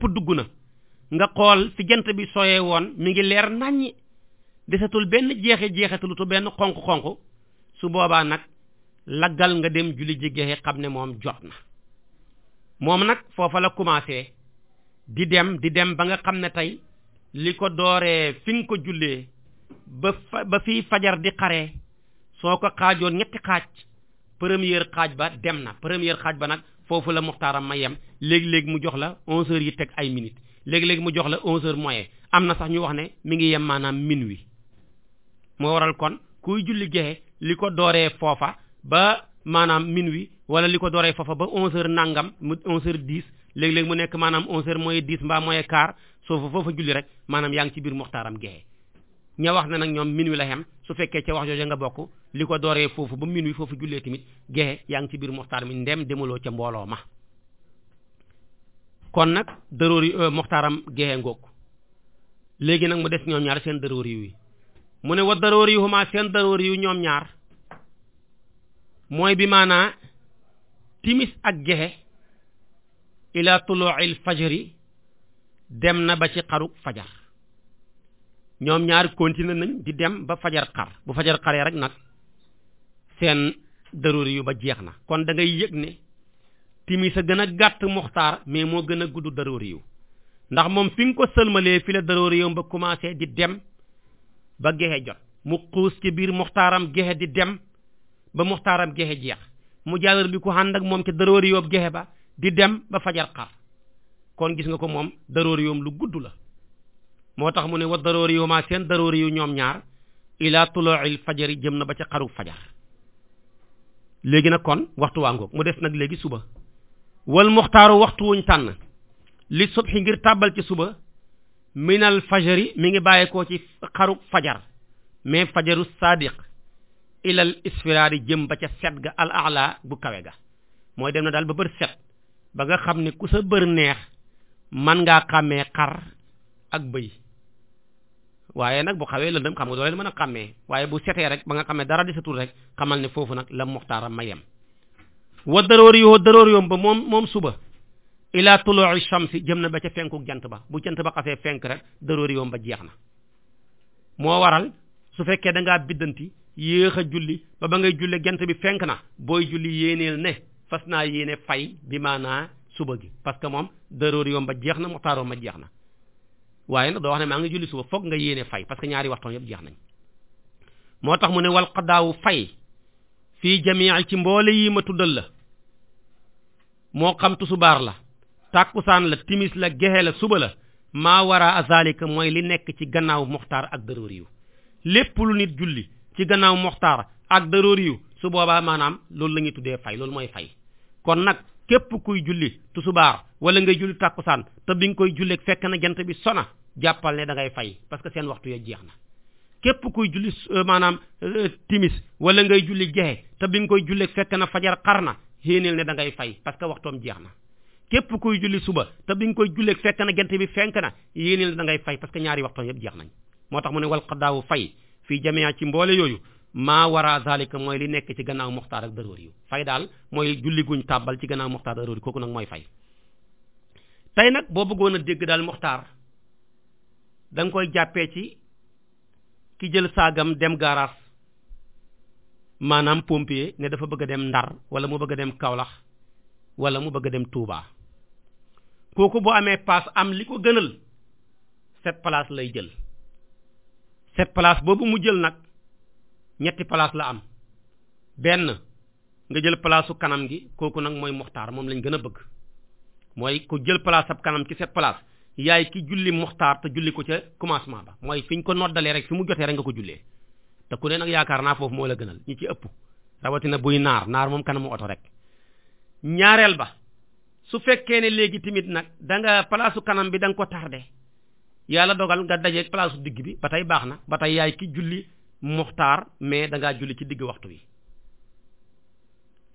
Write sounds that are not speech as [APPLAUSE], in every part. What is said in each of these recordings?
lépp dugg na nga xool fi jant bi sooyee woon mi ngi leer naññi desatul benn jeexe jeexatalutu benn xonq-xonq su boobaa nag laggal nga dem julli ji xam ne moom jot na moom nag foofa la commencé di dem di dem ba nga xam ne tey li ko dooree fi nga ko jullee ba fa ba fii fajar di xaree soo ko xaajoon ñetti xaaj première xaaj ba dem na première xaaj ba nag foofu la muxtaaram ma yem léegi-léegi mu jox la onze heures yi teg ay minutes léeg léeg mu jox la onze heures am na sax ñu wax ne mi ngi yem maanaam minuit moo waral kon kuy julli gexe li ko dooree foofa ba maanaam minuit wala li ko dooree foofa ba onze heures nangam mu onze heures léeg léegi mu nekk maanaam onze heures moyen dix mbaa moyen quart soo foofa julli rek maanaam yaa ngi ci biir muxtaaram gexe ña wax ne nag ñoom minuit la xem su fekkee ca wax jooja nga bokk li ko dooree foofu ba minuit foofu jullee tamit gexe yaa ngi ci biir moxtaar mi ndem demaloo ca mbooloo ma kon nag dëroori euh, moxtaaram gexe ngoog léegi nag mu des ñoom ñaar seen dëroori yi mu ne wa dëroori yu xumaa seen dëroori yu ñoom ñaar mooy bi maanaa timis ak gexe ila tulu'il fajri dem na ba ci xaruk fajar ñoom ñaar continué nañ di dem ba fajar xar bu fajar xaree rek nag seen daruri ba jeex na kon da ngay yëg ne timis a gën a gàtt muxtaar mais moo gën a gudd daruri ndax moom fi nga ko sëlmalee fi la daruri ba commencé di dem ba gexe jot mu xuus ci biir muxtaaram gexe di dem ba muxtaaram gexe jeex mu jaalar bi ko ànd ak moom ca daruri yu gexe ba di dem ba fajar xar kon gis nga ko moom daruri lu gudd la moo tax mu ne wa daruri yu ma seen daruri yu ñoom ñaar ila tulu'il fajari jëm na ba ca xaru fajar léegi nag kon waxtu waa ngoog mu des nag léegi suba wal muxtaaru waxtu wuñ tànn li subhi ngir tàbbal ci suba minal fajari mi ngi bàyyeekoo ci xaruk fajar mais fajaru sadiq ilal isfiraari jëm ba ca set ga al ala bu kawe ga mooy dem na daal ba bër set ba nga xam ne ku sa bër neex man ngaa xàmmee xar ak bëy waaye nag bu xawee lëndëm xam nga doo leen mën a xàmmee waaye bu setee rek ba nga xamee dara di sa rek xamal ne foofu nag la muxtaara ma yem wa daroori yoo daroori yoom ba moom moom suba ila tulu'i shamsi jëm na ba ca fenku jant ba bu jant ba xasee fenk rek daroori yoom ba jeex na moo waral su fekkee dangaa ngaa biddanti yéex a julli ba ba ngay julle jant bi fenk na booy julli yéeneel ne fas naa yéene fay bi maanaa suba gi parce que moom daroori yoom ba jeex na muxtaara ma jeex na waaye nag doo wax ne maa ngi julli suba foog nga yéene fay parce que ñaari waxtoon yëpp jeex nañ moo tax mu ne wal qadaawu fay fii jamii ci mboole yi ma tuddal la moo xam tusubaar la tàkkusaan la timis la gexe la suba la maa wara azalika mooy li nekk ci gannaaw moxtaar ak daroori yu lépp lu nit julli ci gannaaw moxtaar ak daroori yu su boobaa maanaam loolu lañuy tuddee fay loolu mooy fay kon nag képp kuy julli tusubaar wala ngay julli tàkkusaan te bi nga koy julleeg fekk na jant bi sona jàppal ne da fay parce que seen waxtu ya jeex na képp kuy julli euh, maanaam euh, timis wala ngay julli jexe te bi nga koy julleeg fekk na fajar xar na héeneel ne da ngay fay parce que waxtoom jeex na képp kuy julli suba te bi nga koy julleeg fekk na jant bi fenk na héeneel ne da ngay fay parce que ñaari waxtoom yëpp jeex nañ moo tax mu ne wal xaddaawu fay fii jameyaa ci mboole yooyu maa wara zalika mooy li nekk ci gannaaw muxtaar ak daróor yu fay daal mooy julli guñ tàbbal ci gannaaw muxtaar daróor yi kooku nag mooy fay tey nag boo bëggoon a dégg daal muxtaar danga koy jàppee ci ki jël saagam dem garage maanaam pompier ne dafa bëgg a dem Ndar wala mu bëgg a dem Kaolack wala mu bëgg a dem tuuba kooku boo amee paas am li ko gënal cette place lay jël cette place boobu mu jël nag ñetti place la am benn nga jël place kanam gi kooku nag mooy muxtaar moom lañ gën a bëgg mooy ku jël place ab kanam ci cette place yaay ki julli muxtaar te julli ko ca commencement ba mooy fi ñu ko noddalee rek fi mu jotee rek nga ko jullee te ku ne nag yaakaar naa foofu moo la gënal ñi ci ëpp rawatina buy naar naar moom kanamu oto rek ñaareel ba su fekkee ne léegi tamit nag da nga kanam bi da nga ko tardé yàlla dogal nga daje place su muxtaar mais da julli ci digg waxtu wi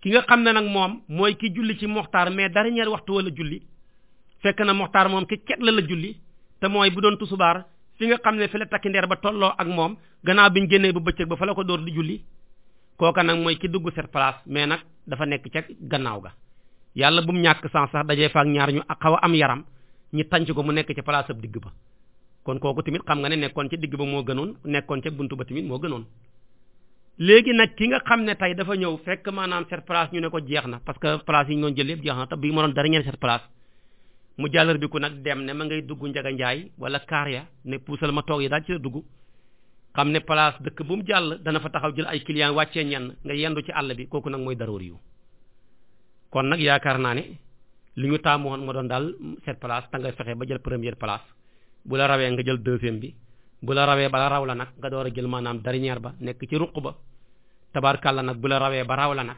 ki nga xam ne nag moom mooy ki julli ci muxtaar mais dernier waxtu wala julli fekk na muxtaar moom ki ket la la julli te mooy bu doon tusubaar fi nga xam ne fi la takki ndeer ba tolloo ak moom gannaaw bi ñu génnee bu bëccëg ba fa la ko dóor di julli kooka nag mooy ki dugg cette place mais nag dafa nekk ca gannaaw ga yàlla bu ñàkk sans sax dajee faak ñaar ñu xaw a am yaram ñu tànc ko mu nekk ci place ab digg ba kon kooku tamit xam nga ne nekkoon ca digg ba moo gënoon nekkoon ca buntu ba tamit moo gënoon léegi nag ki nga xam ne tey dafa ñëw fekk maanaam cette place ñu ne ko jeex na parce que place yi ñu doon jël yëpp jeex na te bii ma doon dernière mu jàllar bi ku nag dem ne ma ngay dugg Njaga Njaay wala Kaaria ne puusal ma toog yi daal ci la dugg xam ne place dëkk bu mu jàll dana fa taxaw jël ay client wàccee ñenn nga yendu ci àll bi kooku nag mooy daroor yu kon nag yaakaar naa ne li ñu taamu woon ma doon daal cette place ta ba jël première place bu la rawee nga jël deuxième bi bu la rawee bala raw la nag nga door a jël maanaam dernière ba nekk ci ruq ba tabarkàlla nag bu la rawee ba raw la nag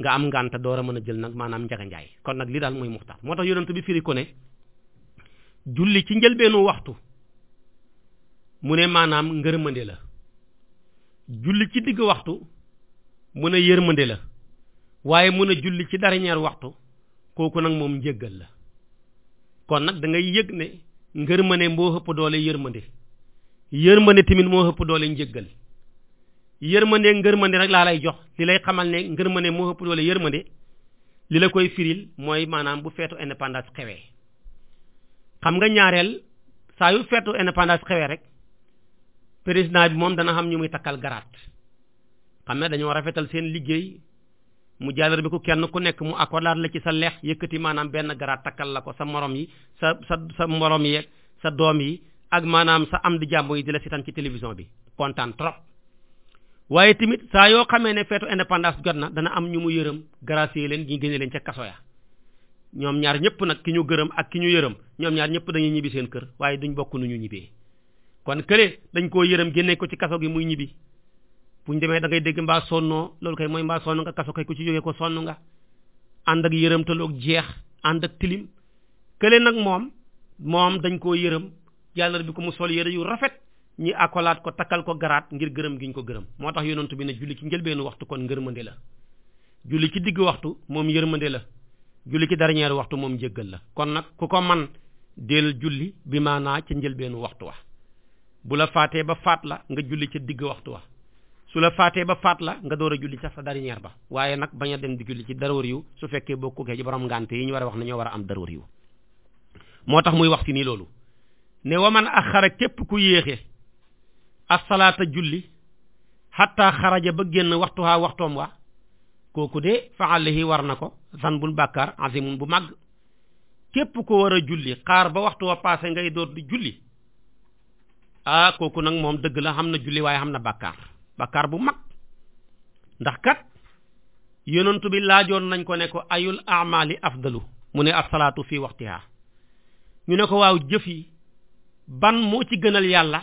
nga am ngànta door a mën a jël nag maanaam njaganjaay kon nag lii daal mooy muxtaar moo tax yonent bi firi ko ne julli ci waxtu mu ne maanaam ngër ngërmande la julli ci digg waxtu mun a mënde la waaye mun a julli ci dernier waxtu kooku nag moom njëggal la kon nag da yëg ne ngërmande moo ëpp doole yërmande yërmande tamit moo ëpp doole njëggal yërmande ngërmande rek laa lay jox li lay xamal ne ngërmande moo ëpp doole yërmande li la koy firil mooy maanaam bu feetu indépendance xewee xam nga ñaareel saa yu feetu indépendance xewee rek président bi moom dana xam ñu muy takkal garaat xam ne dañoo rafetal seen liggéey mu jàllar bi ku kenn ku nekk mu akolaat la ci sa leex yëkkati maanaam benn garaat takkal la ko sa morom yi sa sa sa morom yeeg sa doom yi ak maanaam sa am di jàmbo yi di la seetaan ci télévision bi kontaan trop waaye tamit saa yoo xamee ne feetu indépendance jot na dana am ñu mu yërëm gracier leen ñu génne leen ca kaso ya ñoom ñaar ñëpp nag ki ñu gërëm ak ki ñu yërëm ñoom ñaar ñëpp dañuy ñibbi seen kër waaye duñ bokk nu ñu ñibbee kon kële dañ koo yërëm génne ko ci kaso gi muy ñibbi bu ñu demee da ngay dégg mbaa sonnoo loolu kay mooy mbaa sonn nga kaso kay ku ci jógee ko sonn nga ànd ak yërëmtalu jeex ànd ak tilim kële nag moom moom dañ koo yërëm yàlla bi ko mu sol yëre yu rafet ñi akolaat ko takkal ko garaat ngir gërëm gi ñu ko gërëm moo tax yonent bi ne julli ci njëlbeenu waxtu kon ngërmande la julli ci digg waxtu moom yërmande la julli ci waxtu moom jéggal la kon nag ku ko man del julli bi maanaa ca njëlbeenu waxtu wa bu la faatee ba faat la nga julli ca digg waxtu wa su la faatee ba faat la nga door a julli sax sa dernière ba waaye nag bañ a dem di julli ci daroor yu su fekkee bokkukee ci borom ngante yi ñu war a wax ne ñoo war a am daroor yu moo tax muy wax ci nii loolu ne waman axara képp ku yéexe asalaata julli xatta xaraja ba génn waxtuwaa waxtoom wa kooku de fa alayhi war na ko zanbul bàkkaar azimun bu màgg képp ko war a julli xaar ba waxtu wa passé ngay door di julli ah kooku nag moom dëgg la xam na julli waaye na bàkkaar bàkkaar bu mag ndax kat yonentu bi laajoon nañ ko ne ko ayul amali afdalu mu ne ab asalaatu fii waxtiha ñu ne ko waaw jëf yi ban moo ci gënal yàlla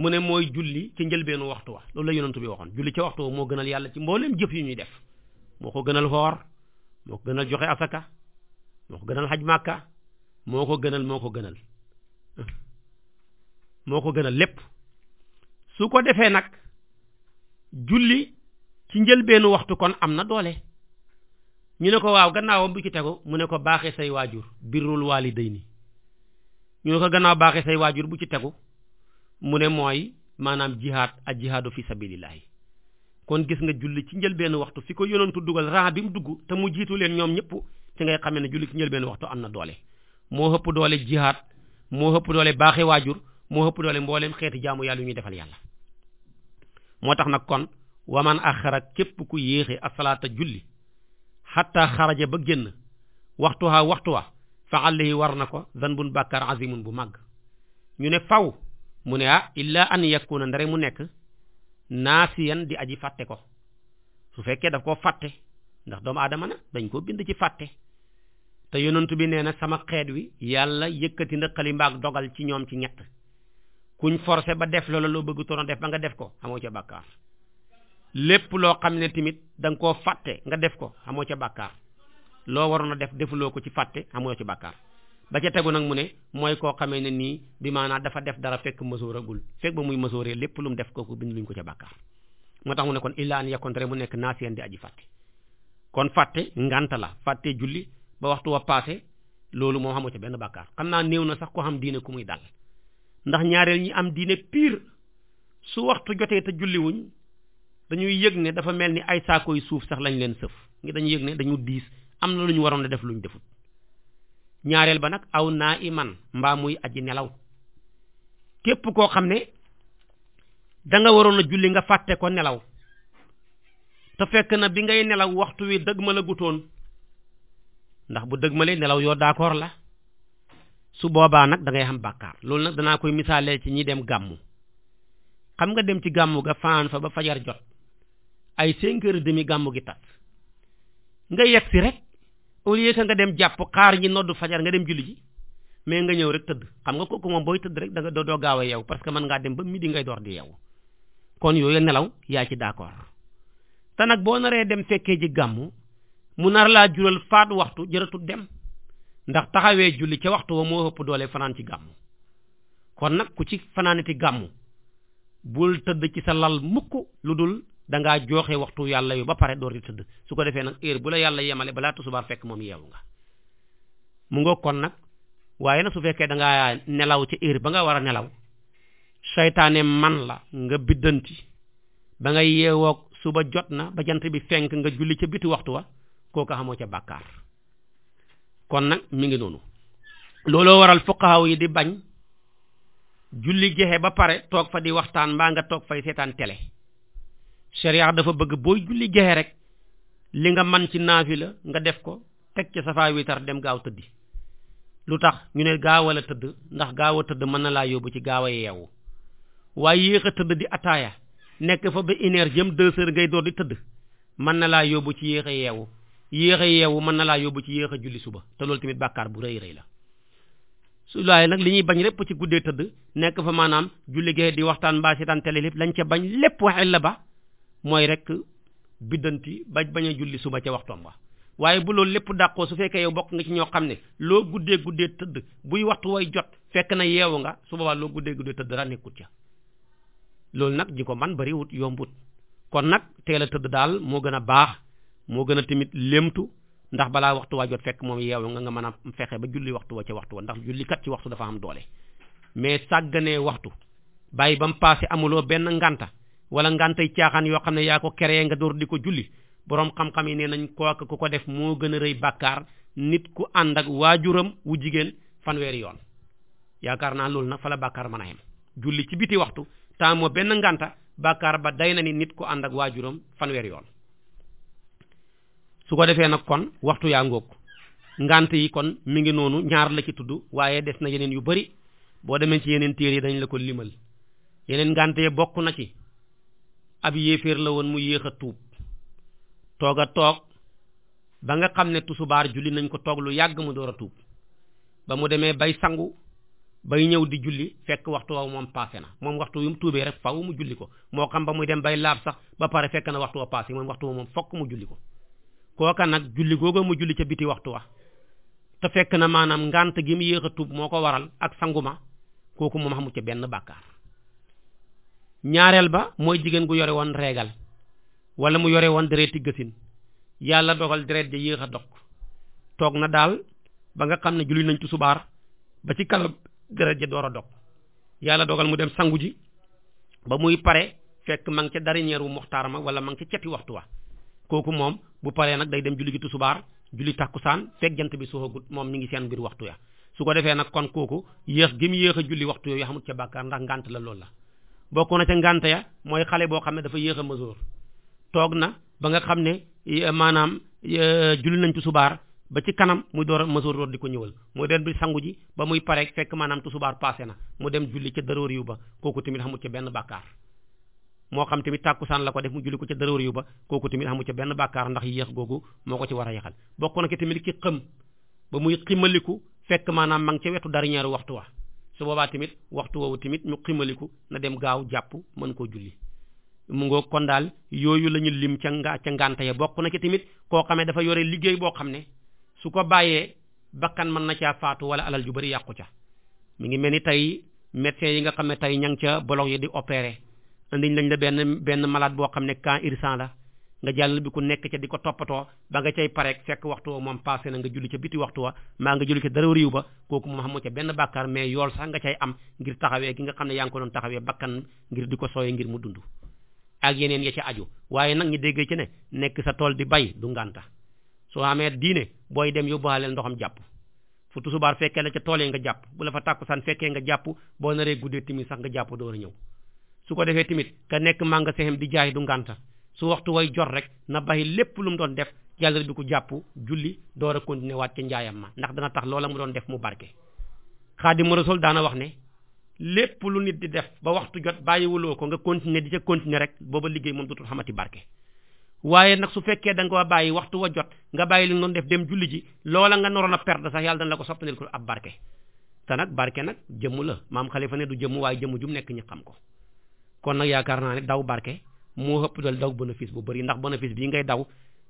mu ne mooy julli ci njëlbeenu waxtu wa loolu la yonentu bi waxoon julli ca waxtu wa moo gënal yàlla ci mbooleem jëf yi ñuy def moo ko gënal woor moo ko gënal joxe asaka moo ko gënal xaj màkka moo ko gënal moo ko gënal [LAUGHS] moo ko gënal lépp su ko defee nag julli ci njëlbeenu waxtu kon am na doole ñu ne ko waaw gannaawam bu ci tegu mu ne ko baaxee say waajur birrul waalidayni ñu ne ko gannaaw baaxee say waajur bu ci tegu mu ne mooy maanaam jihaad ak jihaadu fi sabilillahi kon gis nga julli ci njëlbeenu waxtu fi ko yonantu dugal ran bi mu dugg te mu jiitu leen ñoom ñëpp ci ngay xamee ne julli ci njëlbeenu waxtu am na doole moo ëpp doole jihaad moo ëpp doole baaxee waajur moo ëpp doole mbooleem xeeti jaamu yàlla yu ñuy defal yàlla moo tax nag kon waman axara képp ku yéexe asalaata julli xatta xaraja ba génn waxtu wa fa yi war na ko zanbun bàkkaar azimun bu màgg ñu ne faw mu ne ah illa an yakuna ndare mu nekk naa naasiyan di aji fàtte ko su fekkee daf ko fàtte ndax doomu aadama na dañ koo bind ci fàtte te yonentu bi nee na sama xeet wi yàlla yëkkati na xalimbaag dogal ci ñoom ci ñett kuñ forcé ba def loola loo bëgg toona def ba nga def ko amoo ca bàkkaar lépp loo xam ne tamit danga koo fàtte nga def ko amoo ca bàkkaar loo waroon a def defuloo ko ci fàtte amoo ci bàkkaar ba ca tegu nag mu ne mooy koo xamee ne nii bi maanaam dafa def dara fekk mësooragul fekk ba muy mësooree lépp lu mu def ko bind luñ ko ca bàkkaar moo tax mu ne kon illaan yakon rek mu nekk naasiyeen di aji fàtte kon fàtte nganta la fàtte julli ba waxtu wa passé loolu moom xamoo ca benn bàkkaar naa néew na sax ko xam diine ku muy dal ndax ñaareel ñi am diine pire su waxtu jotee te julliwuñ dañuy yëg ne dafa mel ni ay saako yu suuf sax lañ leen sëf ngi dañuy yëg ne dañu diis am na lu ñu waroon a def lu ñu defut ñaareel ba nag aw naa iman mbaa muy aji nelaw képp koo xam ne danga waroon a julli nga fàtte ko nelaw te fekk na bi ngay nelaw waxtu wi dëgg ma gutoon ndax bu dëgg ma lee nelaw yoo d'accord la su boobaa nag dangay ngay xam bàkkaar loolu nag danaa koy misaalee ci ñi dem gàmmu xam nga dem ci gàmmu ga fanaan fa ba fajar jot ay cinq heures demi gàmmu gi tas nga yegg si rek au lieu que nga dem jàpp xaar ñi noddu fajar nga dem julli ji mais nga ñëw rek tëdd xam nga kooku moom booy tëdd rek danga nga doo doo gaaw a yeew parce que mën ngaa dem ba midi ngay door di yeew kon yooyu nelaw yaa ci d'accord te nag boo naree dem fekkee ji gàmmu mu nar laa jural faat waxtu jërëtul dem ndax taxawee julli ca waxtu wa moo ëpp doole fanaan ci gàmm kon nag ku ci fanaanati gàmm bul tëdd ci sa lal mukk lu dul da ngaa jooxe waxtu yàlla yu ba pare door di tëdd su ko defee nag heure bu la yàlla yemale balaa tusubaar fekk moom yeewu nga mu nga kon nag waaye nag su fekkee da nelaw ci heure ba nga war a nelaw seytaane man la nga biddanti ba nga yeewoog suba jot na ba bi fenk nga julli ca biti waxtu wa kooka xamoo ca bàkkaar kon nag mi ngi noonu looloo waral fuqahaw yi di bañ julli jeexe ba pare toog fa di waxtaan mbaa nga toog fay seetaan télé sharia dafa bëgg booy julli jeexe rek li nga man ci la nga def ko teg ci safaa witar dem gaaw tëddi lu tax ñu ne gaawal a tëdd ndax gaaw a tëdd mën na laa yóbbu ci gaaw a yeewu waaye yéex a tëdd di ataaya nekk fa ba une heure jëm deux ngay door di tëdd mën na laa yóbbu ci yéex a yeewu yéex a yeewu mën na laa yóbbu ci yéex a julli suba te loolu tamit bàkkaar bu rëy rëy la su laaye nag li ñuy bañ lépp ci guddee tëdd nekk fa maanaam julli gee di waxtaan mbaa seetaan tele lépp lañ ca bañ lépp waxee la ba mooy rek biddanti ba bañ a julli suba ca waxtoom ba waaye bu loolu lépp dàqoo su fekkee yow bokk nga ci ñoo xam ne loo guddee guddee tëdd buy waxtu way jot fekk na yeewu nga su boobaa loo guddee guddee tëdd dara nekkut ca loolu nag ji ko man bariwut yombut kon nag teel tëdd daal moo gën a baax moo gën a tamit lémtu ndax balaa waxtu waa jot fekk moom yeewu nga nga mën a fexe ba julli waxtu wa ca waxtu wa ndax julli kat ci waxtu dafa am doole mais sàgganee waxtu bàyyi ba mu passé amuloo benn nganta wala ngantay caaxaan yoo xam ne yaa ko keree nga door di ko julli boroom xam-xam yi nee nañ kooku ku ko def moo gën a rëy bàkkaar nit ku ànd ak waajuram wu jigéen fanweeri yoon yaakaar naa loolu nag fa la bàkkaar mën a yem julli ci biti waxtu temps benn nganta bàkkaar ba day na nit ku ànd ak waajuram fanweeri yoon su ko defee nag kon waxtu yaa ngóog ngant yi kon mi ngi noonu ñaar la ci tudd waaye des na yeneen yu bari boo demee ci yeneen téere yi dañ la ko limal yeneen ngante yi bokk na ci ab yéeféer la woon mu yéex a tuub toog a toog ba nga xam ne tusubaar julli nañ ko toog lu yàgg mu door a tuub ba mu demee bay sangu bay ñëw di julli fekk waxtu waaw moom passé na moom waxtu yu mu tuubee rek faw mu julli ko moo xam ba muy dem bay laab sax ba pare fekk na waxtu wa passé waxtu wa moom fokk mu ko kooka nag julli googa mu julli ca biti waxtu wa te fekk na maanaam ngànt gi mu yéex a tuub moo ko waral ak sanguma kooku moom xamu ca benn bàkkaar ñaareel ba mooy jigéen gu yore woon reegal wala mu yore woon dereeti gësin yàlla dogal deret ja yéex a dog toog na daal ba nga xam ne julli nañ ci subaar ba ci kala deret ja door a dog yàlla dogal mu dem sangu ji ba muy pare fekk ma ngi ca dernier wu muxtaar ma wala ma ca ceti waxtu wa kooku moom bu paree nag day dem julli gi tusubaar julli tàkkusaan fekk jant bi soxagut moom mi ngi seen mbir waxtu ya su ko defee nag kon kooku yéex gi mu yéex a julli waxtu yooyu xamut ca bàkkaar ndax ngànt la loolu la bokk na ca ngànt ya mooy xale boo xam ne dafa yéex a masoor toog na ba nga xam ne maanaam julli nañ tusubaar ba ci kanam muy door a masoor door di ko ñëwal mu dem bi sangu ji ba muy pare fekk maanaam tusubaar passé na mu dem julli ca daroor yu ba kooku tamit xamut ca benn bàkkaar moo xam tamit tàkkusaan la ko def mu julli ko ca dërër yu ba kooku tamit amu ca benn bàkkaar ndax yéex googu moo ko ci war a yéexal bokk na ki tamit ki xëm ba muy ximaliku fekk maanaam ma ngi ca wetu dernier waxtu wa su boobaa tamit waxtu woowu tamit mu ximaliku na dem gaaw jàpp mën koo julli mu ngoo kon daal yooyu la ñu lim ca nga ca ngànte bokk na ci tamit koo xamee dafa yore liggéey boo xam ne su ko bàyyee bakkan mën na caa faatu wala alal ju bari yàqu ca mi ngi mel ni tey médecins yi nga xam ne tey ña ngi ca bolog yi di opérer andiñ lañ la benn benn malade boo xam ne cas urgent la nga jàll bi ku nekk ca di ko toppatoo ba nga cay pareek fekk waxtu wa moom passé na nga julli ca biti waxtu wa maa nga julli ca dara riiw ba kooku moom xamoo ca benn bàkkaar mais yool sax nga cay am ngir taxawee ki nga xam ne yaa ngi ko doon taxawee bakkan ngir di ko sooyee ngir mu dund ak yeneen ya ca aju waaye nag ñu déggee ci ne nekk sa tool di bay du ngànta soo amee diine booy dem yóbbaaleel ndoxam jàpp fu tusubaar fekkee la ca tool yi nga jàpp bu la fa tàkkusaan fekkee nga jàpp boo naree guddee timi sax nga jàpp door ñëw su ko defee tamit ka nekk magasin di jaay du ngànta su waxtu way jot rek na bàyyi lépp lu mu doon def yàlla di ko jàpp julli door a continuer waat ca njaayam ma ndax dana tax loola mu doon def mu barke. Xaadimu Rasuul daana wax ne lépp lu nit di def ba waxtu jot bàyyiwuloo ko nga continuer di ca continuer rek booba liggéey moom dootul xamati barke. waaye nag su fekkee da nga bàyyi waxtu wa jot nga bàyyi li mu doon def dem julli ji loola nga naroon a perte sax yàlla dana la ko ko ab barke. te nag barke nag jëmm la maam xalifa du jëmm waaye ju mu nekk ñu xam ko. kon nag yaakaar naa ne daw barke moo ëpp dal daw bénéfice bu bëri ndax bénéfice bi ngay daw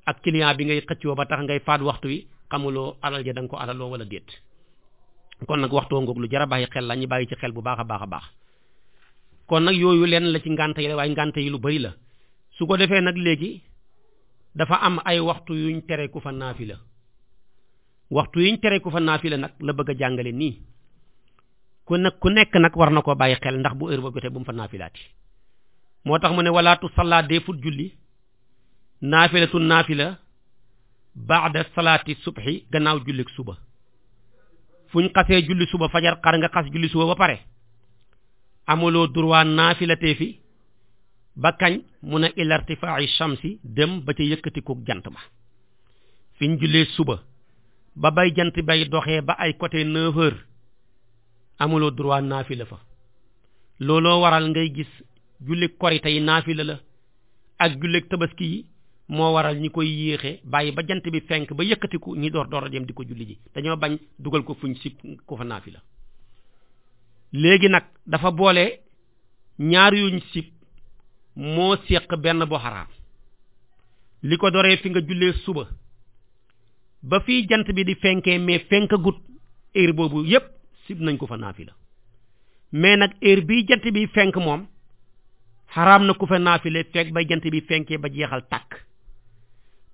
ak client bi ngay xëccoo ba tax ngay faat waxtu yi xamuloo alal ja da ko alaloo wala déet kon nag waxtoo ngoog lu jar a bàyyi xel la ñi bàyyi ci xel bu baax a baax a baax kon nag yooyu lenn la ci ngànte yi la waaye ngànte yi lu bëri la su ko defee nag léegi dafa am ay waxtu yuñ tere ku fa naafi la waxtu yuñ tere ku fa naafi la nag la bëgg a jàngale nii ku nag ku nekk nag war na koo bàyyi xel ndax bu heure ba jotee bu mu fa naafilaati moo tax mu ne walaatu salla defut julli naafilatu naafila baada salaati subhi gannaaw jullik suba fu ñu xasee julli suba fajar xar nga xas julli suba ba pare amuloo droit naafilatee fi ba kañ mun a ila irtifaa'i shamsi dem ba ca yëkkatiku jant ba fi ñu jullee suba ba bay jant bay doxee ba ay côté neuf amuloo droit naafila fa looloo waral ngay gis jullig korite tey naafila la ak jullig tabaski yi moo waral ñi koy yéexe bàyyi ba jant bi fenk ba yëkkatiku ñi door door a di ko julli ji dañoo bañ dugal ko fuñ si ku fa naafila léegi nag dafa boole ñaar yuñ sib moo séq benn bu li ko doree fi nga jullee suba ba fii jant bi di fenkee mais fenk gut heure boobu yépp sib nañ ko fa naafila mais nag heure bii jant bi fenk moom xaraam na ku fa naafile fekk bay jant bi fenkee ba jeexal tàkk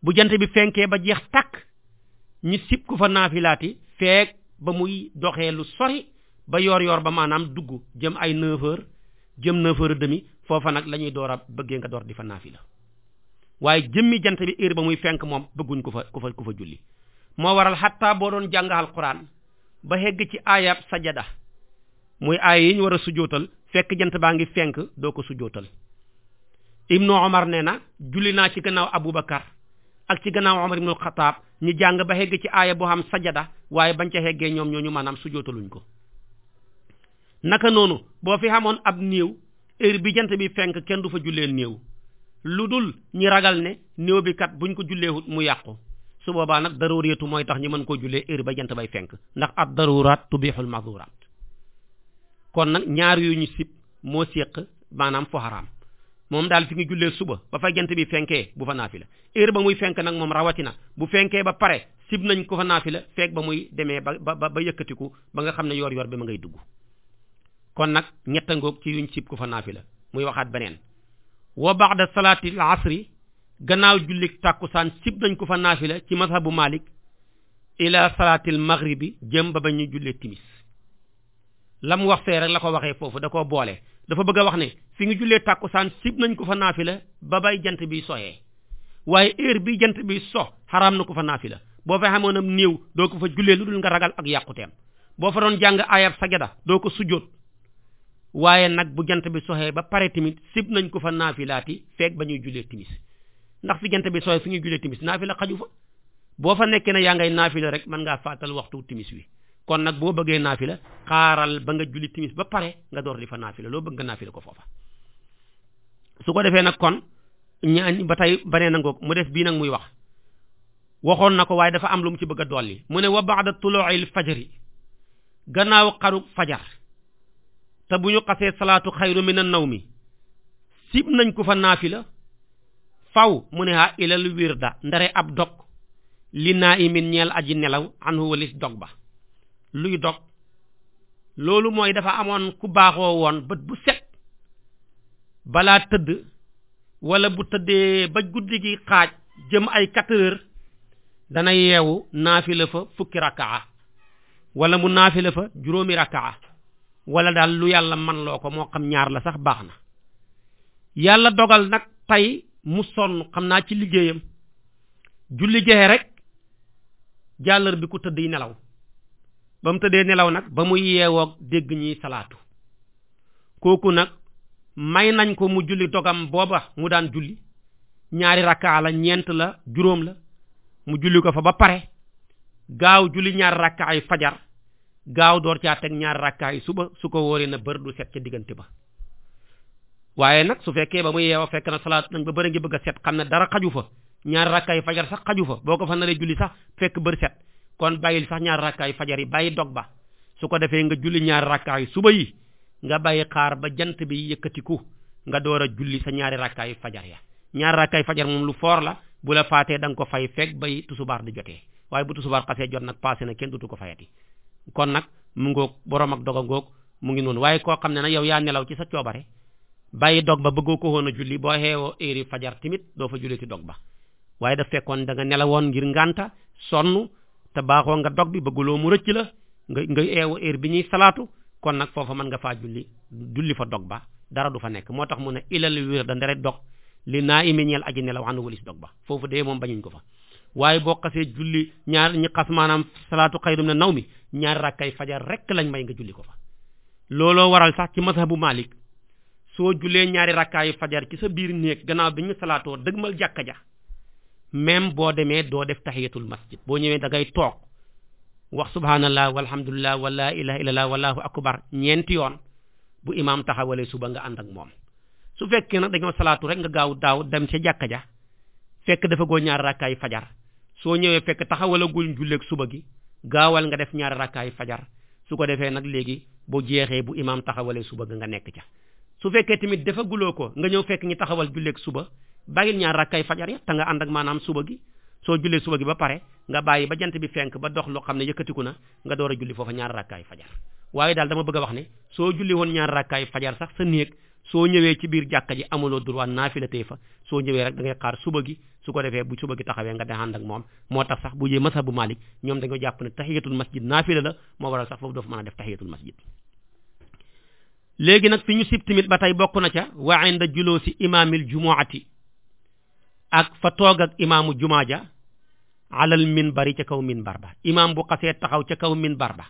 bu jant bi fenkee ba jeex tàkk ñu sib ku fa naafilaati fekk ba muy doxee lu sori ba yoor yoor ba maanaam dugg jëm ay 9 jëm 9 heures demi foofa nag la ñuy door a bëggee nga door di fa naafila waaye jëmmi jant bi heure ba muy fenk moom bëgguñ ko fa ku fa ku fa julli moo waral xatta boo doon jàng alquran ba hegg ci aayab sajada muy aaya yi ñu war a sujootal fekk jant baa ngi fenk doo ko sujootal ibnu omar nee na julli naa ci gannaaw abubakar ak ci gannaaw omar ibnu xataab ñu jàng ba hegg ci aaya boo xam sajada waaye bañ ca heggee ñoom ñooñu maanaam sujootaluñ ko naka noonu boo fi xamoon ab néew heure bi jant bi fenk kenn du fa jullee néew lu dul ñi ragal ne néew bi kat buñ ko julleewut mu yàqu su boobaa nag daruriyatu mooy tax ñu mën koo jullee heure ba jant bay fenk ndax ad daruraat tubixul mahduuraat kon nag ñaar yu ñu sib moo séq maanaam fo xaraam moom daal fi nga jullee suba ba fa jant bi fenkee bu fa naafila heure ba muy fenk nag moom rawatina bu fenkee ba pare sib nañ ko fa naafila feek ba muy demee ba ba ba yëkkatiku ba nga xam ne yor yor bi ma ngay dugg kon nag ñetta ngoog ci yuñ sib ko fa naafila muy waxaat beneen wa ba'da salaatil asri gannaaw jullik tàkkusaan sib nañ ko fa naafila ci mazhabu malik ila salaatil maghribi jëm ba ba ñuy jullee timis lam wax fee rek la ko waxee foofu da koo boole dafa bëgg a wax ne fi nga jullee tàkkusaan sib nañ ko fa naafila ba bay jant bi soyee waaye heure bi jant bi so xaraam na ko fa naafila boo fa xamoon am néew doo ko fa jullee lu dul nga ragal ak yàquteem boo fa doon jàng ayab sajada doo ko sujjóot waaye nag bu jant bi soxee ba pare tamit sib nañ ko fa naafilaati feeg ba ñuy jullee timis ndax fi jant bi sooy fu ñuy jullee timis naafila xaju fa boo fa nekkee ne yaa ngay naafila rek mën ngaa fàttal waxtu timis wi kon nag boo bëggee naafila xaaral ba nga julli timis ba pare nga door di fa naafila loo bëgg nga naafila ko foofa su ko defee nag kon ñaan ba tey banee na ngoog mu des bii nag muy wax waxoon na ko waaye dafa am lu mu ci bëgg a yi mu ne wa tuloo tulu'il fajri gannaaw xaru fajar te bu ñu xasee salaatu xayru minan nawmi sib nañ ko fa naafila faw mu ne ha ilal wirda ndare ab dog li naa imin ñeel aji nelaw anhu dog ba luy dog loolu mooy dafa amoon ku baaxoo woon bët bu set balaa tëdd wala bu tëddee ba guddi gi xaaj jëm ay quatre heures dana yeewu naafila fa fukki rakaa wala mu naafila fa juróomi rakaa wala daal lu yàlla man ko moo xam ñaar la sax baax na yàlla dogal nag tey mu sonn xam naa ci liggéeyam julli jeexee rek jàllar bi ku tëdd yi nelaw ba mu tëddee nelaw nag ba mu yeewoog dégg ñiy salaatu kooku nag may nañ ko mu julli dogam booba mu daan julli ñaari rakkaa la ñeent la juróom la mu julli ko fa ba pare gaaw julli ñaari rakkaa yi fajar gaaw door caa teg ñaari rakkaa yi suba su ko wóoree na bër du set ca diggante ba waaye nag su fekkee ba mu yeewa fekk na salaat nag ba bëri ngi bëgg a set xam ne dara xaju fa ñaar rakkaay fajar sax xaju fa boo ko fa naree julli sax fekk bër set kon bàyyil sax ñaar rakkaay fajar yi bàyyi dog ba su ko defee nga julli ñaar rakkaay suba yi nga bàyyi xaar ba jant bi yëkkatiku nga door a julli sa ñaari rakkaay fajar ya ñaar rakkaay fajar moom lu foor la bu la faatee da ko fay fekk bay tusubaar di jotee waaye bu tusubaar xasee jot nag passé na kenn dutu ko fayati kon nag mu ngoog borom ak doga ngoog mu ngi noonu waaye koo xam ne na yow yaa nelaw ci sa coobare bàyyi dog ba bëggoo ko woon a julli boo xeewoo heure fajar timit doo fa julli ci dog ba waaye daf fekkoon da nelawoon ngir ngànta sonn te baaxoo nga dog bi bëgguloo mu rëcc la nga nga eewu heure bi ñuy salaatu kon nag foofa mën nga faa julli julli fa dog ba dara du fa nekk moo tax mu ne ilal wér da ndere dog li naa imi ñeel aji nelaw xan walis dog ba foofu dee moom bañuñ ko fa waaye boo xasee julli ñaar ñi xas maanaam salaatu xayrum na naw mi ñaar rakkay fajar rek lañ may nga julli ko fa looloo soo julee ñaari rakkaayu fajar ci sa biir néeg gannaaw bi ñu salaatoo dëgmal jàkka ja même boo demee doo def tahiyatul masjid boo ñëwee da ngay toog wax subhanallah walhamdulillah wala ilaha illallah wallahu akbar ñeenti yoon bu imaam taxawalee suba nga ànd ak moom su fekkee nag dañoo salaatu rek nga gaaw daaw dem ca jàkka ja fekk dafa goo ñaari rakkaayu fajar soo ñëwee fekk taxawalagul julleeg suba gi gaawal nga def ñaari rakkaayu fajar su ko defee nag léegi bu jeexee bu imaam taxawalee suba ga nga nekk ca su fekkee tamit defaguloo ko nga ñëw fekk ñi taxawal julleeg suba bàyyil ñaar rakkay fajar ya te nga ànd ak maanaam suba gi soo jullee suba gi ba pare nga bàyyi ba jant bi fenk ba dox loo xam ne yëkkatiku na nga door a julli foofa ñaar rakkaay fajar waaye daal dama bëgg a wax soo julli woon ñaar rakkaay fajar sax sa néeg soo ñëwee ci biir jàkka ji amuloo droit naafila tey fa soo ñëwee rek da ngay xaar suba gi su ko defee bu suba gi taxawee nga daan ànd ak moom moo tax sax bu jee masa bu Malik ñoom dañoo jàpp ne tahiyatul masjid naafila la moo waral sax foofu doo fa mën a def tahiyatul masjid léegi nag fi ñu sib tamit ba tey bokk na ca wa inda juloosi imaamil jumuati ak fa toogal imaamu jumaa ja alal bari ca kaw minbar ba imaam bu xasee taxaw ca kaw minbar ba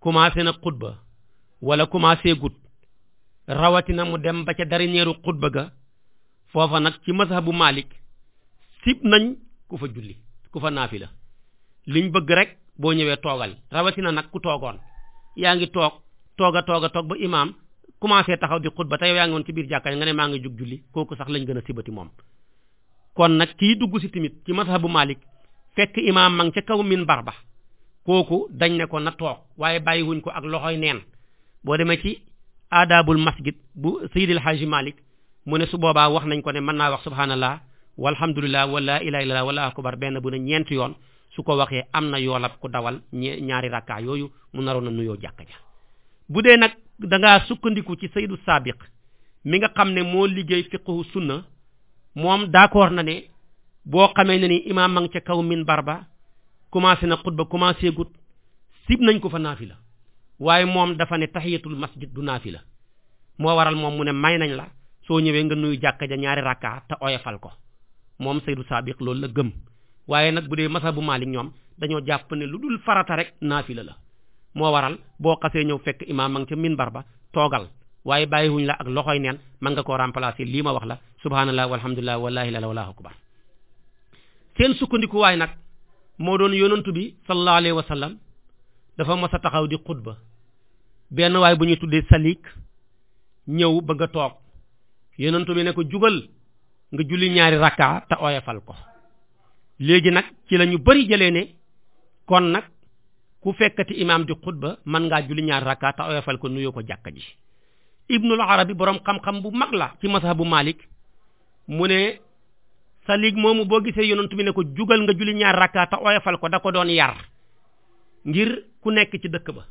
commencé na xutba wala commencé gut rawatina mu dem ba ca dernièru xutba ga foofa nag ci mazhabu Malik sib nañ ku fa julli ku fa naafi la liñ bëgg rek boo ñëwee toogal rawatina nag ku toogoon yaa ngi toog toog a toog a toog ba imaam commencé taxaw di xutba te yow yaa ngi woon ci biir jàkkaay nga ne maa ngi jug julli kooku sax lañ gën a sibati moom kon nag kii dugg si tamit ci mazhabu maalik fekk imaam ma ngi ca kaw minbar ba kooku dañ ne ko na toog waaye bàyyiwuñ ko ak loxoy neen boo demee ci aadaabul masjid bu Seydil Hadji Malick mu ne su boobaa wax nañ ko ne mën naa wax subhanallah walhamdulillah wala ilaha illallah wala bar benn bu ne ñeenti yoon su ko waxee am na yoolab ku dawal ñaari rakka yooyu mu naroon a nuyoo jàkka ja bu dee nag dangaa sukkandiku ci saydu saabiq mi nga xam ne moo liggéey fiqhu sunna moom d'accord na ne boo xamee ne ni imaam ma ngi ca kaw min barba commencé na xutba commencé gut sib nañ ko fa naafila waaye moom dafa ne tahiyatul masjid du naafila moo waral moom mu ne may nañ la soo ñëwee nga nuyu jàkka ja ñaari rakka te oyofal ko moom saydu saabiq loolu la gëm waaye nag bu dee masa bu maalik ñoom dañoo jàpp ne lu dul farata rek naafila la moo waral boo xasee ñëw fekk imaam ma nga ca minbar ba toogal waaye bàyyiwuñ la ak loxoy neen man nga koo remplacer lii ma wax la subhanallah walhamdulilah wallahi la wallahu akbar seen sukkandikuwaay nag moo doon yonantu bi sallallahu alayhi wa sallam dafa mos a taxaw di xutba benn waay bu ñuy tuddee salik ñëw bëgg a toog yonantu bi ne ko jugal nga julli ñaari rakka te oyofal ko léegi nag ci la bari jëlee ne kon nag ku fekkati imaam di xutba mën ngaa julli ñaar rakka te oyofal ko nuyoo ko jàkka ji ibnul arabi borom xam-xam bu mag la ci mazhabu malik mu ne salik moomu boo gisee yonent bi ne ko jugal nga julli ñaar rakka te oyofal ko da ko doon yar ngir ku nekk ci dëkk ba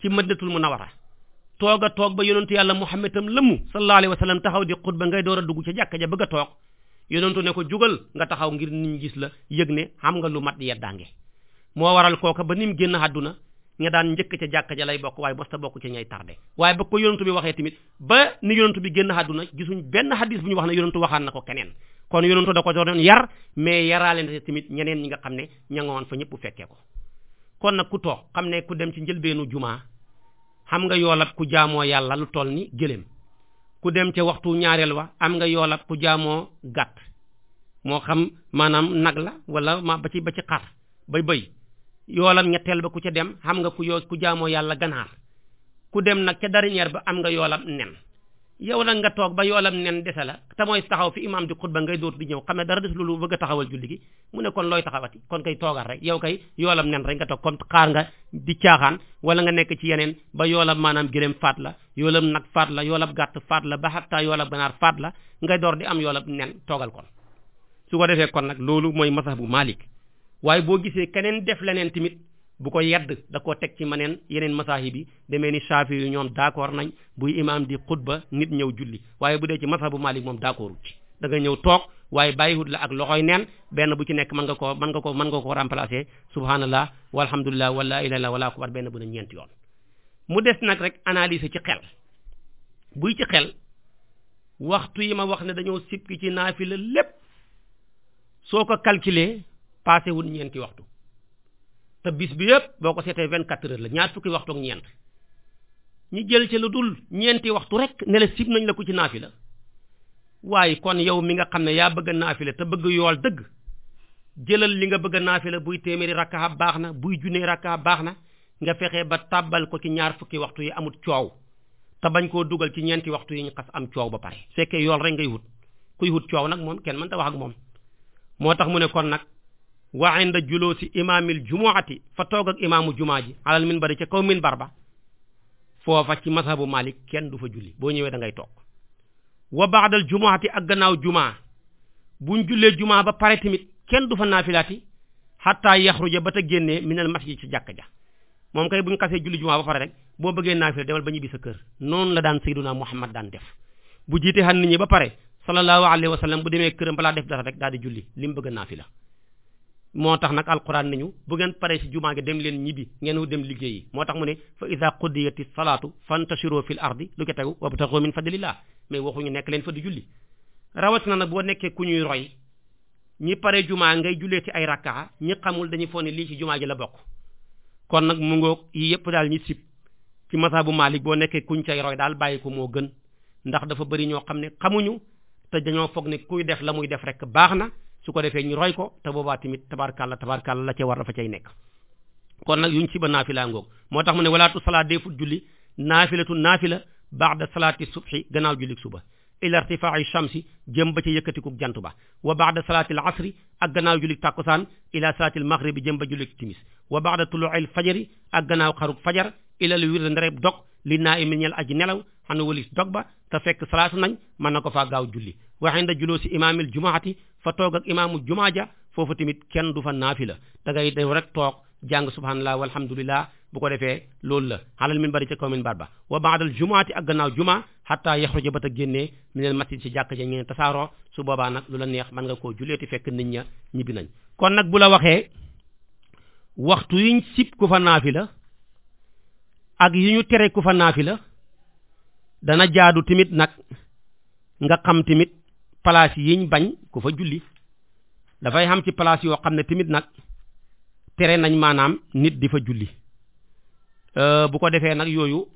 ci madinatul munawwara toog a toog ba yonentu yàlla muhammad tam lëmmu sallallahu alayhi wa sallam taxaw di xutba ngay door a dugg ca jàkka ja bëgg a toog yonentu ne ko jugal nga taxaw ngir niñ gis la yëg ne xam nga lu mat yeddaange moo waral kooka ba ni mu génn àdduna ña daan njëkk ca jàkka ja lay bokk waaye mosta bokk ca ñay tardé waaye ba ko yonentu bi waxee tamit ba ni yonentu bi génn àdduna gisuñ benn xadis bu ñu wax ne yonentu waxaan na ko keneen kon yonentu da ko doon yar mais yaraale na tamit ñeneen ñi nga xam ne ña nga woon fa ñëpp fekkee ko kon nag ku toog xam ne ku dem ci njëlbeenu jumaa xam nga yoolab ku jaamoo yàlla lu tool ni gëléem ku dem ca waxtu ñaareel wa am nga yoolab ku jaamoo gàtt xam maanaam nag la wala ma ba ba ci xar bay bay yoolam teel ba ku ca dem xam nga ku yoo ku jaamoo yàlla ganaar ku dem nag ca ba am nga yoolam nen yow nag nga toog ba yoolam nen dese la te mooy taxaw fi imaam di xutba ngay dootu di ñëw xam ne dara des loolu bëgg a taxawal mu ne looy taxawati kon kay toogal rek yow kay yoolam nen rek nga toog comme xaar nga di caaxaan wala nga nekk ci yeneen ba yoolam maanaam gëléem faat la yoolam nag faat la yoolam gàtt faat la ba xattaa yoolam ganaar faat la ngay door di am yoolam nen toogal kon su ko defee kon nag loolu mooy masax bu Malik waaye boo gisee keneen def leneen tamit bu ko yedd da koo teg ci maneen yeneen masaahib bi demee ni saafi yu ñoom d'accord nañ buy imaam di xutba nit ñëw julli waaye bu dee ci bu Malik moom d'accord ci da nga ñëw toog waaye bàyyiwut la ak loxoy neen benn bu ci nekk mën nga koo mën nga ko mën nga koo remplacer subhanallah walhamdulillah wala ilaha wala akbar benn bu ne ñeenti yoon mu des nag rek analyser ci xel buy ci xel waxtu yi ma wax ne dañoo sipki ci naafila lépp soo ko calculer passé wul ñeenti waxtu te bis bi yëpp boo ko seetee vingt quatre heures la ñaar fukki waxtu ak ñeent ñu jël ci lu dul ñeenti waxtu rek ne la nañ la ko ci naafi la waaye kon yow mi nga xam ne yaa bëgg a naafi te bëgg yool dëgg jëlal li nga bëgg a buy téeméeri rakkaa baax na buy junnee rakkaa baax na nga fexe ba tàbbal ko ci ñaar fukki waxtu yi amut coow te bañ koo dugal ci ñeenti waxtu yi ñu xas am coow ba pare fekkee yool rek ngay wut kuy wut coow nag moom kenn mën wax ak moom moo tax mu ne kon wa inda juloosi imaamil jumuati fa toog ak imaamu jumaa ji alal min bari ca kaw min bar ba foofa ci mazhabu malik kenn du fa julli boo ñëwee da ngay toog wa baadal jumuati ak gannaaw jumaa buñ jullee jumaa ba pare tamit kenn du fa naafilaati xataa yaxruja ba ta génnee minal masjid ci jàkk ja moom kay buñ xasee julli jumaa ba pare rek boo bëggee naafila demal ba ñibbi sa kër noonu la daan sayyiduna muhammad daan def bu jiite xan nit ñi ba pare sallallahu alayhi wa sallam bu demee këram balaa def dara rek daal di julli mu bëgg naafila moo tax nag alquran nañu bu ngeen paree ci jumaa gi dem leen ñibbi ngeen dem liggéey yi moo tax mu ne fa ida qudiyati salaatu fantashiro fil ardi lu ko tegu wabtaxu min fadlillah mais waxuñu nekk leen fa di julli rawat na nag boo nekkee ku ñuy roy ñi pare jumaa ngay jullee ci ay rakkaa ñi xamul dañuy foo ne lii ci jumaa ji la bokk kon nag mu ngoog yi yëpp daal ñi sib ci masaabu Maalik boo nekkee kuñ cay roy daal bàyyi ko moo gën ndax dafa bëri ñoo xam ne xamuñu dañoo foog ne kuy def la muy def rek baax na su ko defee ñu roy ko te boobaa tamit tabarkàlla tabarkàlla la cee war dafa cay nekk kon nag yuñ ci ba naafilaa ngoog moo tax mu ne walaatu salaat day fut julli naafilatu naafila ba'da salaati subhi gannaaw jullik suba ila irtifaa'i shamsi jëm ba ca yëkkatiku jant ba wa ba'da salaati al asri ak gannaaw jullik tàkkusaan ila salaati al maghribi jëm ba jullik timis wa ba'da tuluu'i ay fajri ak gannaaw xaruk fajar ilal wirda ndareb dog li naa imi ñel aji nelaw xana walis dog ba te fekk salaatu nañ mën na ko faa gaaw julli waxen da juloo si imaamil jumaati fa toog ak imaamu jumaa ja foofu tamit kenn du fa naafila da ngay def rek toog jàng subhanallah walhamdulillah bu ko defee loolu la xalal min bari ca kaw min baat ba wa baadal jumaati ak gannaaw juma xataa yaxruja ba ta génnee minel masjid si jàkk ja ngeen tasaaroo su boobaa nag lu la neex man nga koo ti fekk nit ña ñibbi nañ kon nag bu la waxee waxtu yiñ sib ku fa ak yi ñu tere ku fa la dana jaadu tamit nag nga xam tamit place yiñ bañ ku fa julli dafay xam ci place yoo xam ne tamit nag tere nañ maanaam nit di fa julli euh, bu ko defee nag yooyu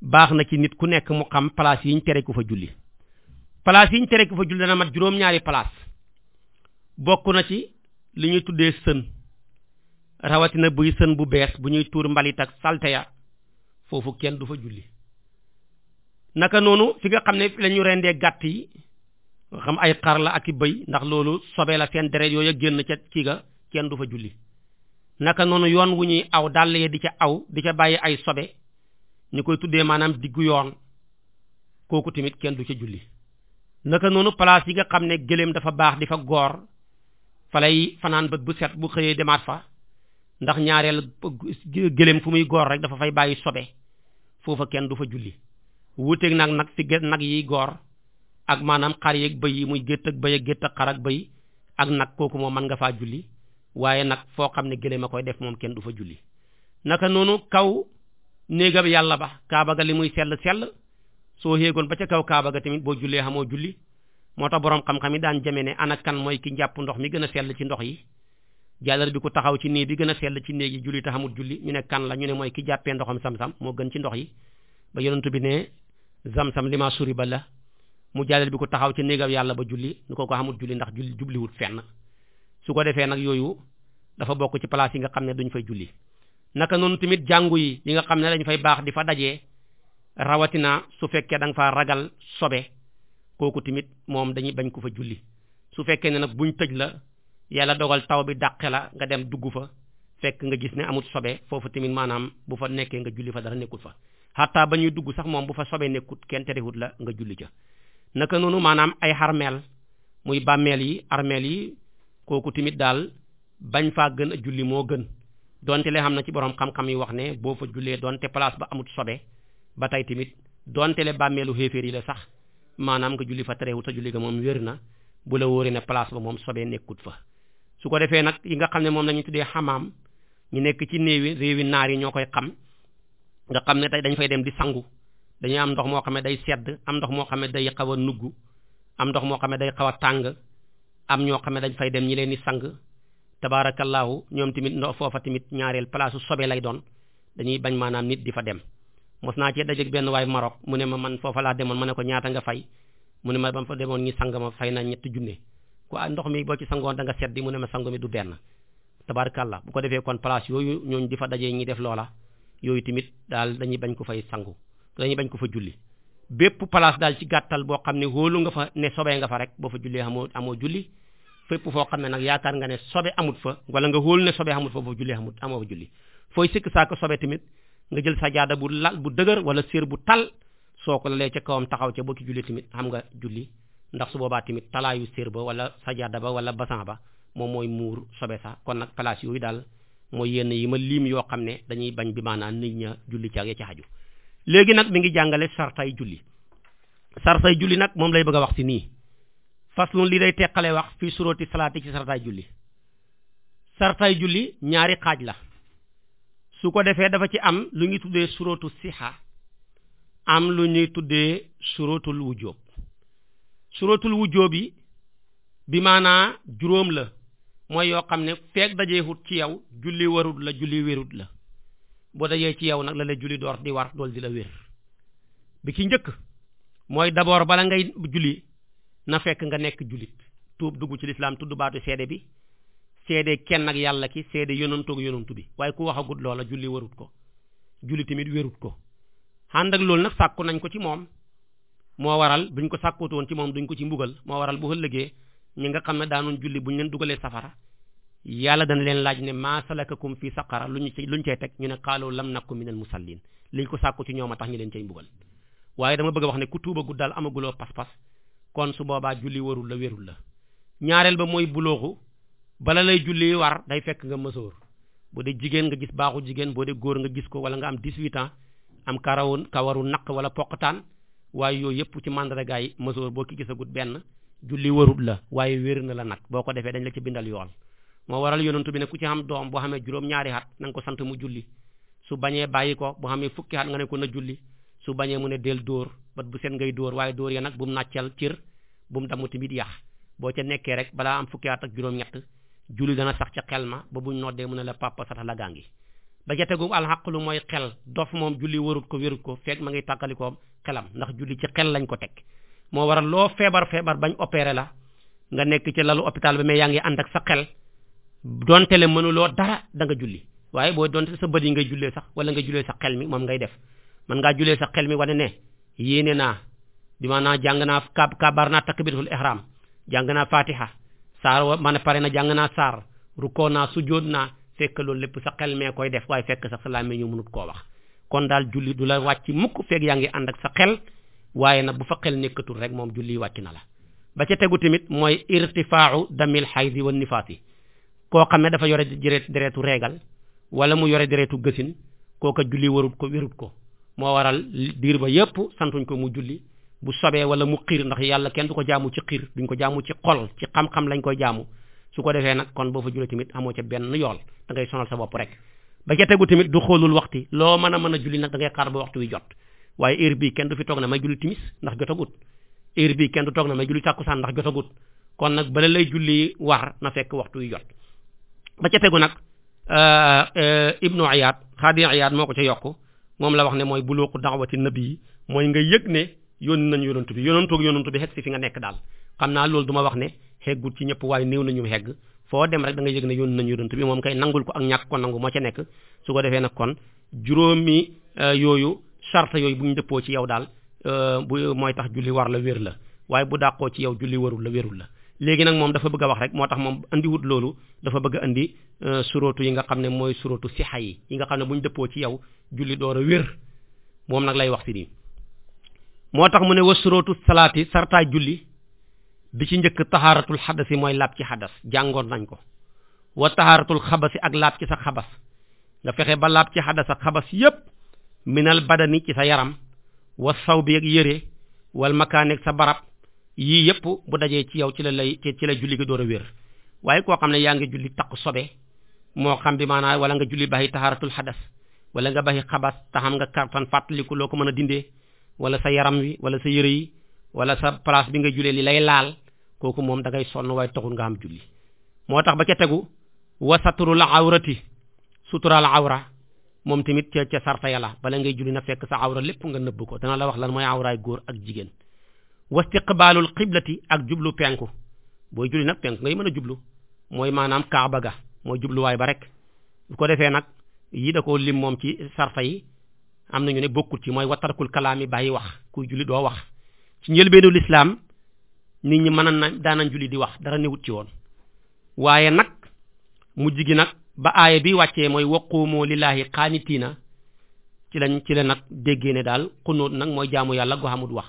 baax na ci nit ku nekk mu xam place yiñ tere ku fa julli place yiñ tere ku fa julli dana mat juróom-ñaari place bokk na ci li ñuy tuddee sën rawatina buy sën bu bees bu ñuy tuur mbalit ak salte ya foofu kenn du fa julli naka noonu fi nga xam ne fi la ñu gàtt yi nga xam ay xar la ak i bëy ndax loolu sobee la seen deret yooyu génn ca kii ga kenn du fa julli naka noonu yoon wu ñuy aw dàll ya di ca aw di ca bàyyi ay sobe ñu koy tuddee maanaam diggu yoon kooku tamit kenn du ca julli naka noonu place yi nga xam ne gëléem dafa baax di fa goor fa lay fanaan bët bu set bu xëyee demaat fa ndax ñaareel gëléem fu muy goor rek dafa fay bàyyi sobe foofa kenn du fa julli wuuteeg nag nag si gét nag yi goor ak maanaam xar yeeg bëy yi muy gétt ak bëy ak gétt ak xar ak bëy ak nag kooku moom mën nga faa julli waaye nag foo xam ne gëléem a koy def moom kenn du fa julli naka noonu kaw néegam yàlla ba kaaba ga li muy sell sell soo xéegoon ba ca kaw kaaba ga tamit boo jullee xamoo julli moo tax boroom xam-xam yi daan jame ne ana kan mooy ki njàpp ndox mi gën a sell ci ndox yi jàllar bi ku taxaw ci nii bi gën a sell ci néegi yi julli taxamut julli ñu ne kan la ñu ne mooy ki jàppee ndoxam sam-sam moo gën ci ndox yi ba yonentu bi ne zam-sam li ma suri ba la mu jàllar bi ku taxaw ci néegam yàlla ba julli ñu ko ko xamut julli ndax julli jubliwut fenn su ko defee nag yooyu dafa bokk ci place yi nga xam ne duñ fay julli naka noonu tamit jàngu yi yi nga xam ne dañ fay baax di fa dajee rawatina su fekkee da nga ragal sobe kooku tamit moom dañuy bañ ko fa julli su fekkee ne nag buñ tëj la yàlla dogal taw bi dàqe la nga dem dugg fa fekk nga gis ne amut sobe foofu tamit maanaam bu fa nekkee nga julli fa dara nekkul fa xataa ba ñuy dugg sax moom bu fa sobe nekkut kenn la nga julli ca naka noonu maanaam ay xarmeel muy bàmmeel yi armeel yi kooku tamit daal bañ faa gën a moo gën donte lee xam na ci borom xam yi wax ne boo fa jullee donte place ba amut sobe ba tey tamit donte le bàmmeelu xéeféer yi la sax maanaam nga julli fa terewut julli ga moom wér na bu la wóoree ne place moom sobe nekkut fa su ko defee nag yi nga xam ne moom la ñu tuddee xamaam ñu nekk ci néewi réewi naar yi ñoo koy xam nga xam ne tey dañ fay dem di sangu dañuy am ndox moo xam ne day sedd am ndox moo xam ne day xaw a nugg am ndox moo xam ne day xaw a tàng am ñoo xam ne dañ fay dem ñi leen di sang tabaarakallaahu ñoom tamit ndox foofa tamit ñaareel place sobe lay doon dañuy bañ maanaam nit di fa dem mos naa cee dajeeg benn waay Maroc mu ne ma man foofa laa demoon ma ne ko ñaata nga fay mu ne ma ba ma fa demoon ñi sang ma fay na ñetti junne ku ndox mi boo ci sangoon danga nga set di mu ne ma sango mi du benn tabarkàlla bu ko defee kon place yooyu ñooñ di fa dajee ñi def loola yooyu tamit daal dañuy bañ ko fay sangu dañuy bañ ko fa julli bépp place daal ci gàttal boo xam ne wóolu nga fa ne sobee nga fa rek boo fa jullee amoo amoo julli fépp foo xam ne nag yaakaar nga ne sobe amut fa wala nga wóolu ne sobe amut fa boo fa amoo fa julli fooy sikk saako sobe tamit nga jël sa jaada bu lal bu dëgër wala séer bu tal soo ko lalee ca kawam taxaw ca boo ci julli tamit xam nga julli ndax su boobaa tamit talaayu sér ba wala sajada ba wala basan ba moom mooy muur sobe sa kon nag place yooyu daal mooy yenn yi ma liim yoo xam ne dañuy bañ bi maanaam nit ña julli caag ya ci xaju léegi nag mi ngi jàngale sartay julli sartay julli nag moom lay bëgg a wax si nii faslun li day teqale wax fii suróoti salaati ci sartay julli sartay julli ñaari xaaj la su ko defee dafa ci am lu ñuy tuddee suróotu sixa am lu ñuy tuddee suróotul wujjóob suratul wujjóobi bi maanaa juróom la mooy yoo xam ne feeg dajeexut ci yow julli warut la julli wérut la boo dajee ci yow nag la la julli door di war dool di la wér bi ki njëkk mooy d'abord bala ngay julli na fekk nga nekk jullit tuub dugg ci lislaam tudd baatu seede bi seede kenn ak yàlla ki seede yonantu ak yonantu bi waaye ku waxagut loola julli warut ko julli tamit wérut ko ànd ak loolu nag sàkku nañ ko ci moom moo waral bu ñu ko sàkkootu woon ci moom duñ ko ci mbugal moo waral bu ëllëgee ñi nga xam ne daanoon julli buñ leen dugalee safara yàlla dana leen laaj ne maa salakakum fi saqara luñu ci luñ cey teg ñu ne xaaloo lam nakku minal musallin liñ ko sàkku ci ñoom a tax ñi leen cay mbugal waaye dama bëgg a wax ne ku tuubagul daal amaguloo pas-pas kon su boobaa julli warul la wérul la ñaareel ba mooy bulooxu bala lay julli war day fekk nga mësoor boo dee jigéen nga gis baaxu jigéen boo dee góor nga gis ko wala nga am 18 ans am karawoon kawaru naq wala poqtaan waaye yooyu yëpp ci mandargaay masoor boo ki gisagut benn julli warut la waaye wér na la nag boo ko defee dañ la ci bindal yoon moo waral yonentu bi ne ku ci am doom boo xamee juróom at na ko sant mu julli su bañee bàyyi ko boo xamee fukki at nga ne ko na su bañee mu ne del dóor bat bu seen ngay dóor waaye dóor ya nag bu mu nàccal bu mu damm tamit yax boo ca nekkee rek balaa am fukki at ak juróom-ñett julli sax ca xel ma ba buñ noddee mu ne la papa sata la gaa ngi ba ca tegu xel dof moom julli warut ko wérut ko fekk ma ngi tàkkalikoom xelam ndax julli ci xel lañ ko teg moo waral loo feebar feebar bañ opéré la nga nekk ci lalu hôpital bi mais yaa ngi ànd ak sa xel donte le mënuloo dara da nga julli waaye boo donte sa bët yi ngay jullee sax wala nga jullee sa xel mi moom ngay def mën ngaa jullee sa xel mi wane ne yéene naa di maanaam jàng naa kab kabar naa takbiratul ihram jàng naa fatiha saar wa man pare na jàng naa saar rukkoo naa sujjóot naa fekk loolu lépp sa xel mee koy def waaye fekk sax sa koo wax kon daal julli du la wàcc mukk feeg yaa ngi ànd ak sa xel waaye nag bu fa xel nekkatul rek moom julli wàcc na la ba ca tegu tamit mooy irtifaau damil xaydi wa nifaasi koo xam ne dafa yore jëreet dereetu reegal wala mu yore dereetu gësin kooka julli warut ko wérut ko moo waral diir ba yépp santuñ ko mu julli bu sobee wala mu xiir ndax yàlla kenn du ko jaamu ci xiir duñ ko jaamu ci xol ci xam-xam lañ koy jaamu su ko defee nag kon boo fa jullee tamit amoo ca benn yool da ngay sonal sa bopp rek ba ca tegu tamit du xoolul waxti loo mën a mën a julli nag da ngay xaar ba waxtu wi jot waaye heure bii kenn du fi toog na may julli timis ndax jotagut heure bii kenn du toog na may julli tàkkusaan ndax jotagut kon nag bala lay julli war na fekk waxtu wi jot ba ca tegu nag euh, euh, ibnu ayad xaadi ayad moo ko ca yokk moom la wax ne mooy buluuqu daawati nabi yi mooy nga yëg ne yónni nañu yonantu bi yonantu ak yonantu bi xeg si fi nga nekk daal xam naa loolu ma wax ne xeggut ci ñëpp waaye néew nañu xegg foo dem rek da nga yëg ne yoon nañu yonent bi moom kay nangul ko ak ñàkk ko nangu moo ca nekk su ko defee na kon juróomi euh, yooyu charte yooyu bu ñu dëppoo ci yow daal euh, bu mooy tax julli war la wér la waaye bu dàqoo ci yow julli warul la wérul la léegi nag moom dafa bëgg a wax rek moo tax moom indiwut loolu dafa bëgg a andi euh, surootu yi nga xam ne mooy surootu sixa yi yi nga xam ne buñ ñu dëppoo ci yow julli door a wér moom nag lay wax si nii moo tax mu ne wa surootu salaati sartaay julli bi ci njëkk taxaaratul xadasi mooy laab ci xadas jàngoon nañ ko wa taxaaratul xabasi ak laab ci sa xabas nga fexe ba laab ci xadas ak xabas yépp minal badani ci sa yaram wa saw bi ak yére wal makaaneeg sa barab yii yépp bu dajee ci yow ci la lay ci la julli gi door a wér waaye koo xam ne yaa ngi julli takk sobe moo xam bi maanaam wala nga julli baxi taxaaratul xadas wala nga baxi xabas taxam nga kartan fàttaliku loo ko mën a dindee wala sa yaram wi wala sa yére yi wala sa place bi nga julee li lay laal kooku moom da ngay sonn waaye taxul nga am julli moo tax ba ca tegu wa saturul awrati sutural awra moom tamit ca ca sarta yàlla bala ngay julli na fekk sa awra lépp nga nëbb ko dana la wax lan mooy awraay góor ak jigéen wastiqbaalul xiblati ak jublu penku booy julli nag penku ngay mën a jublu mooy maanaam kaaba ga mooy jubluwaay ba rek bu ko defee nag yi da ko lim moom ci am nañu ne bokkul ci mooy watarkul kalaami bàyyi wax kuy julli doo wax ci njëlbeenu lislaam nit ñi mën na daanañ julli di wax dara newut ci woon waaye nag mu jigi nag ba aaya bi wàccee mooy waquumu lillaahi qaanitiina ci lañ ci la nag déggee ne daal xunóot nag mooy jaamu yàlla goo xamut wax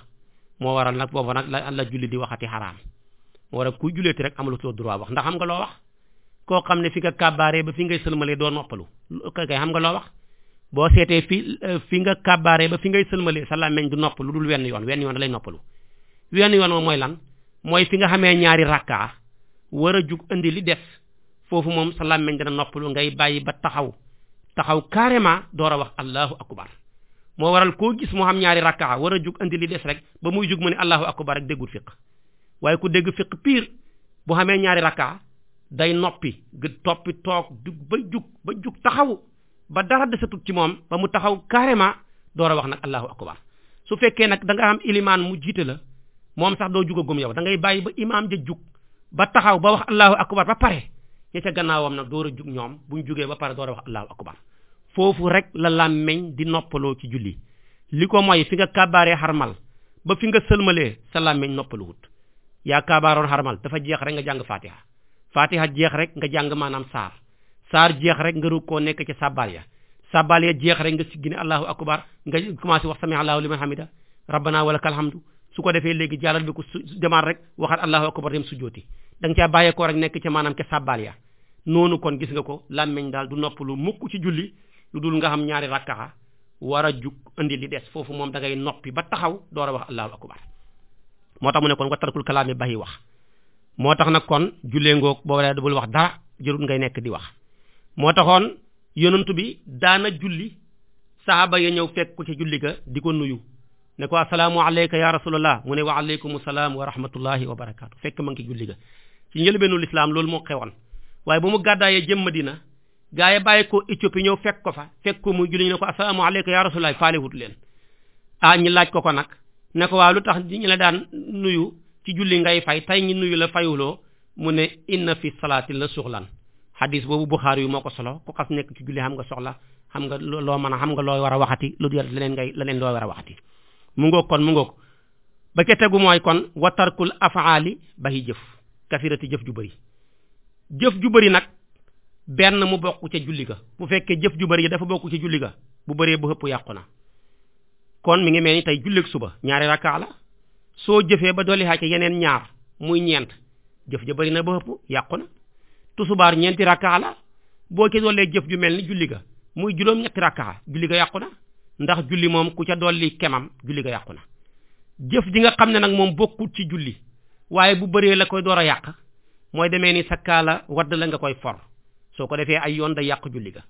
moo waral nag booba nag la la julli di waxati xaraam moo waral kuy julleeti rek amalutoo droit wax ndax xam nga loo wax koo xam ne fi nga kàbbaaree ba fi ngay sëlmalee doo noppalu kay xam nga loo wax boo seetee fi euh, fi nga kàbbaaree ba fi ngay sëlmalee sa làmmeñ du nopp lu dul wenn yoon wenn yoon da lay noppalu wenn yoon moom mooy lan mooy fi nga xamee ñaari rakkaa war a jug indi li des foofu moom sa làmmeñ dana noppalu ngay bàyyi ba taxaw taxaw carrément door a wax allahu akbar moo waral koo gis mu xam ñaari rakkaa war a jug indi li des rek ba muy jug mu ne allahu akbar rek déggul fiq waaye ku dégg fiq piir bu xamee ñaari rakkaa day noppi gë toppi toog jug ba jug ba jug taxaw ba dara desatut ci moom ba mu taxaw carrément door a wax nag allahu akbar su fekkee nag da nga am ilimaan mu jiite la moom sax doo jugagum yow da ngay bàyyi ba imaam ja jug ba taxaw ba wax allahu akbar ba pare ña ca gannaawam nag door a jug ñoom buñ jugee ba pare door a wax allahu akbar foofu rek la làmmeñ di noppaloo ci julli li ko mooy fi nga kabaaree xarmal ba fi nga sëlmalee sa làmmeñ noppaluwut yaa kabaaroon xarmal dafa jeex rek nga jàng fatiha fatiha jeex rek nga jàng maanaam saar saar jeex rek nga rug koo nekk ci sabbal ya sabbal ya jeex rek nga siggi ne allahu akbar nga commencé wax sami allahu liman hamida rabbana wa lakal hamdu su ko defee léegi jàllal bi ko su demaat rek waxaat allahu akbar dem sujjooti da nga caa bàyyeekoo rek nekk ca maanaam ca sabbal ya noonu kon gis nga ko làmmiñ daal du nopp lu mukk ci julli lu dul nga xam ñaari rakkaxa war a jug indi li des foofu moom da ngay noppi ba taxaw doo a wax allahu akbar moo tax mu ne kon wattarkul kalaami bayi wax moo tax nag kon jullee ngoog boo waree bul wax dara jërul ngay nekk di wax moo taxoon yonantu bi daana julli saxaaba ya ñëw fekk ko ci julli ga di ko nuyu ne ko assalaamu alayka ya rasulallah mu ne wa alaykum salaam wa rahmatullahi wa barakaatu fekk ma ngi julli ga ci njëlbeenu lislaam loolu moo xewoon waaye ba mu gàddaayee jëm Madina gaa yi bàyyi ko Éthiopie ñëw fekk ko fa fekk ko muy julli ñu ne ko assalaamu alayka ya rasulallah faalewut leen ah ñi laaj ko ko nag ne ko waa lu tax ñu la daan nuyu ci julli ngay fay tey ñi nuyu la fayuloo mu ne inna fi salaatin la suxlan xadis boobu bu xaar yu moo ko solo ku xas nekk ci julli xam nga soxla xam nga loo mën a xam nga looy war a waxati lu dul leneen ngay leneen looy war a waxati mu ngoog kon mu ngoog ba ca tegu mooy kon wa tarkul afaali bayi jëf kasirati jëf ju bëri jëf ju bëri nag benn mu bokk ca julli ga bu fekkee jëf ju bëri dafa bokk ca julli ga bu bëree bu xëpp yàqu na kon mu ngi mel tey julleeg suba ñaari rakkaa la soo jëfee ba dolli ca yeneen ñaar muy ñeent jëf ja bëri na tusubaar ñeenti rakkaa la boo ci dollee jëf ju mel ni julli ga muy juróom ñetti rakkaa julli ga yàqu na ndax julli moom ku ca dolli kemam julli ga yàqu na jëf ji nga xam ne nag moom bokkut ci julli waaye bu bëree la koy door a yàq mooy demee ni sakkaa la wadd la nga koy for soo ko defee ay yoon da yàq julli ga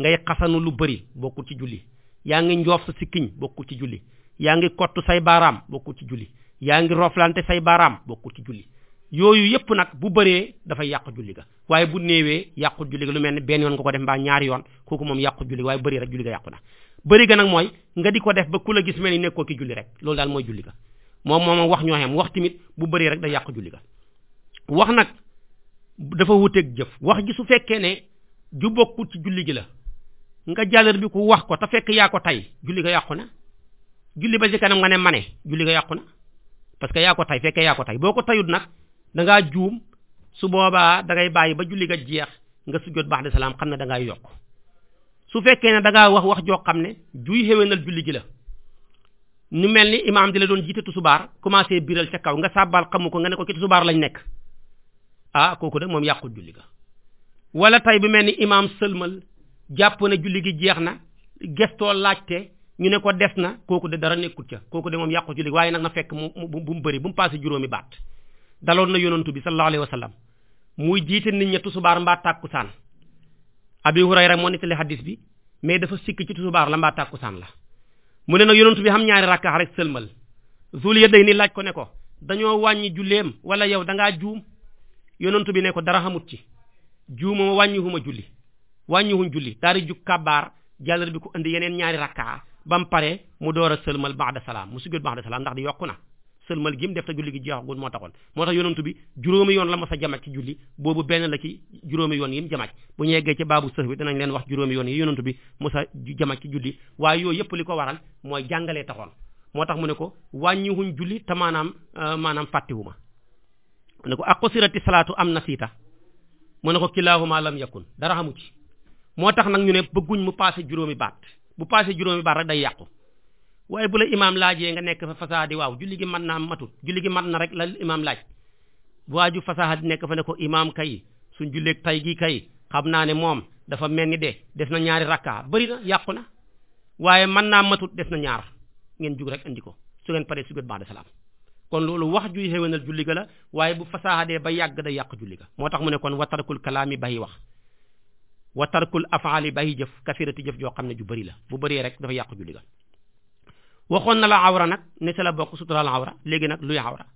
ngay xasanu lu bëri bokkut ci julli yaa ngi njoof sa sikkiñ bokkut ci julli yaa ngi kott say baaraam bokkut ci julli yaa ngi roflante say baaraam bokkut ci julli yooyu yëpp nag bu bëree dafay yàq julli ga waaye bu néewee yàqu julli ga lu mel ni benn yoon nga ko def mbaa ñaari yoon kooku moom yàqu julli ga waaye bëri rek julli ga yàqu na bëri nag mooy nga di ko def ba ku la gis mel ni nekkoo ki julli rek loolu daal mooy julli ga moom moom wax ñoo xam wax tamit bu bëree rek day yàqu julli nag dafa wuteeg jëf wax ji su fekkee ne ju bokkul julli gi la nga jàllar bi ku wax ko te fekk yaa ko tey julli ga yàqu na julli ba ci kanam nga ne mane julli ga yàqu na parce que yaa ko tey fekkee yaa ko tey boo ko tayut nag dangaa ngaa juum su boobaa da ngay bàyyi ba julli ga jeex nga sujjóot baax de salaam xam ne da ngay yokk su fekkee ne da ngaa wax wax joo xam ne juy xéwénal julli gi la nu mel ni imaam di la doon jiite tusubaar commencé biral ca kaw nga sàbbaal xamu ko nga ne ko ci tusubaar lañ nekk ah kooku de moom yàqul julli ga wala tey bu mel ni imaam sëlmal jàpp na julli gi jeex na gestoo laajte ñu ne ko des na kooku de dara nekkul ca kooku de moom yàqu waaye nag na fekk mu bu mu bëri bu mu paase juróomi baat daloon na yonantu bi sallallahu alayhi wa sallam muy jiite nit ña tusubaar mbaa tàkkusaan abi hurayra moo nettali xadis bi mais dafa sikk ci tusubaar la mbaa tàkkusaan la mu ne nag yonantu bi xam ñaari rakka rek sëlmal zul ya day ni laaj ko ne ko dañoo wàññi julleem wala yow dangaa juum yonantu bi ne ko dara xamut ci juumuma wàññiwuma julli wàññiwuñ julli daal di jug kabaar jàllar bi ko indi yeneen ñaari rakka ba mu pare mu door a sëlmal baada salaam mu sujjóot baada salaam ndax di yokku na sëlmal gim def te julli gi jeexagul moo taxoon moo tax yonantu bi juróomi yoon la ma sa jamaat ci julli boobu benn la ci juróomi yoon yim jamaat bu ñu yeggee ci baabu sëx bi danañ leen wax juróomi yoon yi yonantu bi mu sa jamaat ci julli waaye yooyu yëpp li ko waral mooy jàngalee taxoon moo tax mu ne ko wàññiwuñ julli te maanaam euh, maanaam fàttiwuma mu ne ko ak qusirati salaatu am na siita mu ne ko kilaahuma lam yakun dara xamu ci moo tax nag ñu ne bëgguñ mu passé juróomi baat bu passé juróomi baat rek day yàqu waaye bu la imaam laajee nga nekk fa fasaha di waaw julli gi mën naa matul julli gi mat na rek la imaam laaj waaju fasaha di nekk fa ne ko imaam kay suñ julleek tay gi kay xam naa ne moom dafa mel ni de des na ñaari rakka bëri na yàqu na waaye mën naa matut des na ñaar ngeen jug rek indi ko su ngeen paree su ngeen baax de salaam kon loolu wax juy xéwénal julli ga la waaye bu fasaxadee ba yàgg day yàqu julli ga moo tax mu ne kon wa tarkul kalaami bayi wax wa tarkul afaali bayi jëf kasirati jëf joo xam ne ju bëri la bu bëree rek dafa yàq julli waxoon na la awra nag ne sa la bokk suturaal awra léegi nag luy awra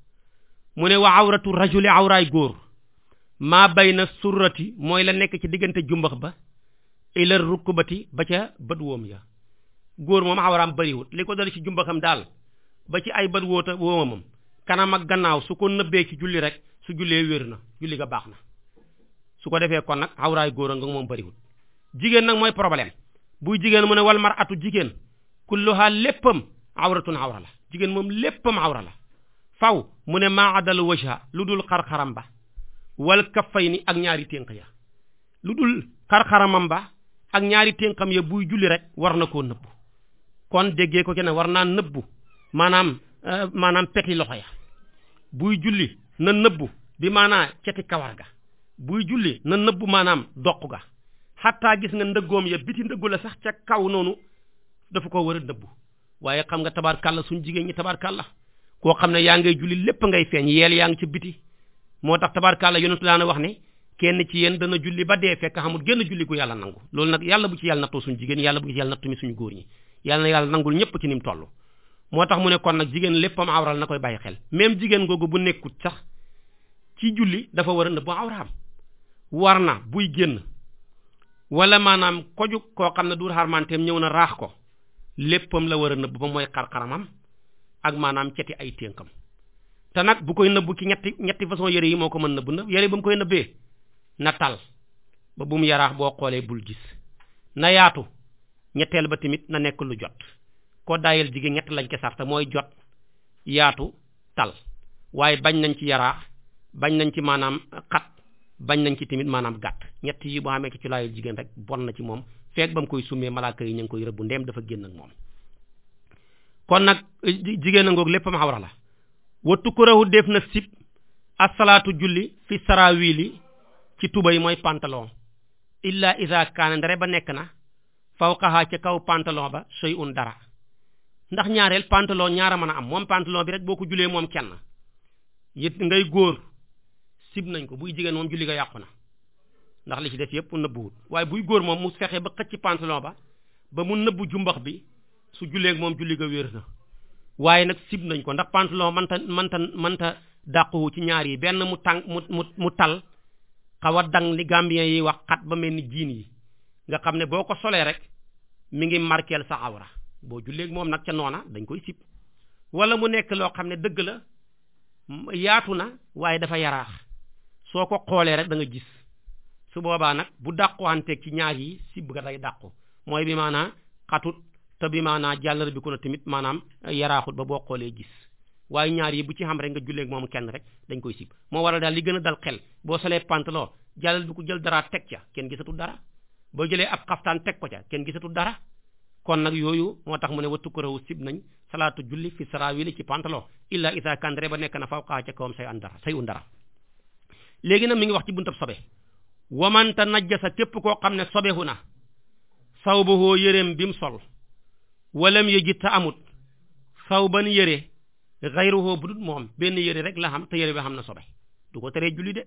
mu ne wa awratu rajuli awraay góor maa bay na surrati mooy la nekk ci diggante jumbax ba ila rukkubati ba ca bët woom ya góor moom awraam bëriwut li ko dal ci jumbaxam daal ba ci ay bët wóota woomamam kanam ak gannaaw su ko nëbbee ci julli rek su jullee wér na julli ga baax na su ko defee kon nag awraay góor a nga moom bëriwut jigéen nag mooy problème buy jigéen mu ne wal mar atu jigéen kulluha léppam awratun awra la jigéen moom léppam awra la faw mu ne maa adal wajha lu dul xar-xaram ba wal kaffayni ak ñaari ténq ya lu dul xar-xaramam ba ak ñaari ténqam ya buy julli rek war na koo nëbbu kon déggee ko ci war naa nëbbu maanaam euh, maanaam peti loxo ya buy julli na nëbbu bi maanaa ceti kawar ga buy julli na nëbbu maanaam doq ga xattaa gis nga ndëggoom ya biti ndëggu la sax ca kaw noonu dafa ko war a nëbbu waaye xam nga tabaarkàlla suñu jigéen ñi tabaarkàlla koo xam ne yaa ngay julli lépp ngay feeñ yeel yaa ngi ci biti moo tax tabaarkàlla yonentu daana wax ne kenn ci yéen dana julli ba dee fekk xamul génn julli ku yàlla nangu loolu nag yàlla bu ci yàlla nattoo suñu jigéen yàlla bu ci yàlla nattu mi suñu góor ñi yàlla na yàlla nangul ñëpp ci nim toll moo tax mu ne kon nag jigéen léppam awral na koy bàyyi xel même jigéen googu bu nekkut sax ci julli dafa war a nëbb awraam war na buy génn wala maanaam koju koo xam ne du xarmanteem ñëw na raax ko léppam la war a nëbb ba mooy xar-xaramam ak maanaam ceti ay ténkam te nag bu koy nëbbu ci ñetti ñetti façon yëre yi moo ko mën nëbb nëb yëre ba mu koy nëbbee na tal ba bu mu yaraax boo xoolee bul gis na yaatu ñetteel ba tamit na nekk lu jot koo daayal jigéen ñett lañ ko mooy jot yaatu tal waaye bañ nañ ci yaraax bañ nañ ci maanaam xat bañ nañ ci tamit maanaam gàtt ñett yi boo xamee ci ci jigéen rek bon na ci moom feeg ba mu koy summee malaaka yi ñu ngi koy rëbbu ndeem dafa génn ak moom kon nag jigéen a ngoog lépp am xawra la wattu ko rawu def na sib asalaatu julli fi sarawili ci tubay mooy pantalon illa isa kaana ba nekk na fawqaha ca kaw pantalon ba soy un dara ndax ñaareel pantalon ñaara man a am moom pantalon bi rek boo ko julee moom kenn yit ngay góor sib nañ ko buy jigéen moom julli nga yàqu na ndax li ci def yëpp nëbbuwul waaye buy góor moom mu fexe ba xëcc pantalon ba ba mu nëbbu jumbax bi su jullee moom julli ga wér na waaye nag sib nañ ko ndax pantalon manta manta manta dàquwu ci ñaar yi benn mu tàng mu mu mu tal xaw a dang li gambien yi wax xat ba mel ni jiin yi nga xam ne boo ko solee rek mu ngi markel sa awra boo jullee moom nag ca noona dañ koy sib wala mu nekk loo xam ne dëgg la yaatu na waaye dafa yaraax soo ko xoolee rek danga nga su boobaa nag bu dàquwanteeg ci ñaar yi sibb ga day dàqu mooy bi maanaa xatut te bi maanaa jàllar bi ko na tamit maanaam eh, yaraaxut ba boo xoolee gis waaye ñaar yi bu ci xam rek nga julleeg moom kenn rek dañ koy sib moo war a daal di gën a dal xel boo solee pantalon jàllal bi ko jël dara teg ca kenn gisatu dara boo jëlee ab xaftaan teg ko ca kenn gisatu dara kon nag yooyu moo tax mu ne wattu ko raw sib nañ salaatu julli fi sarawili ci pantalon illa isa kandre ba nekk na fawqaa ca kawam say an dara say dara léegi nag mi ngi wax ci buntab sobe wamanta najjasa képp koo xam ne sobehu na sawbahoo yéreem bi mu sol walam yejit ta amut saw ban yére xayruhoo budut moom benn yére rek la xam te yére bi xam na sobe du ko teree julli de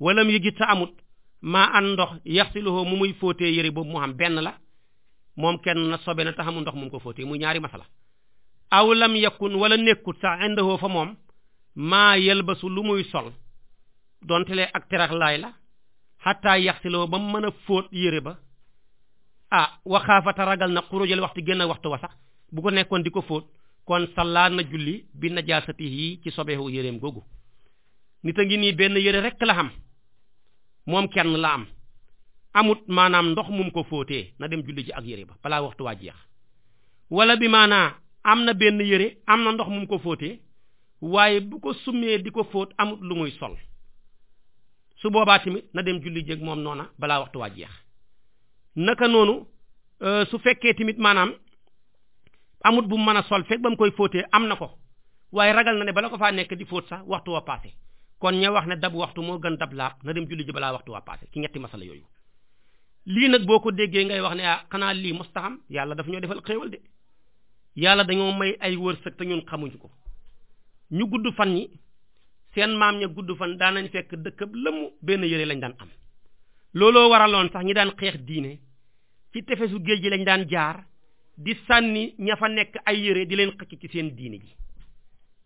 walam yejit ta amut maa an ndox yaxsiluhoo mu muy fóotee yére boobu mu xam benn la moom kenn na sobe na te xamul ndox mu ko fóotee muy ñaari masala aw lam yakun wala nekkut sax indahoo fa moom maa yelbasu lu muy sol donte le ak terax la xataa yaxsiloo ba mu mën a fóot yére ba ah waxaafata ragal na xurujal waxtu génn waxtu wa sax bu ko nekkoon di ko fóot kon sallaa na julli bi najaasati yi ci sobeewu yéreem googu nit a ngi nii benn yére rek la xam moom kenn la am amut maanaam ndox mu ko fóotee na dem julli ji ak yére ba balaa waxtu waa jeex wala bi maanaa am na benn yére am na ndox mu ko fóotee waaye bu ko summee di ko fóot amut lu muy sol su boobaa tamit na dem julli jéeg moom noona balaa waxtu waa jeex naka noonu euh, su fekkee tamit maanaam amut bu mu mën a sol fekk ba mu koy fóotee am na ko waaye ragal na ne bala ko faa nekk di fóot sax waxtu waa passé kon ña wax ne dab waxtu moo gën dab laab na dem julli ji balaa waxtu waa passé ci ñetti masala yooyu lii nag boo ko déggee ngay wax ne ah xanaa lii mustaxam yàlla daf ñoo defal xéewal de yàlla dañoo may ay wërsëg te ñun xamuñu ko ñu seen maam ña gudd fan daanañ fekk dëkkab lëmm benn yére lañ daan am looloo waraloon sax ñi daan xeex diine ci tefesu géej gi lañ daan jaar di sànni ña fa nekk ay yére di leen xëcc ci seen diine ji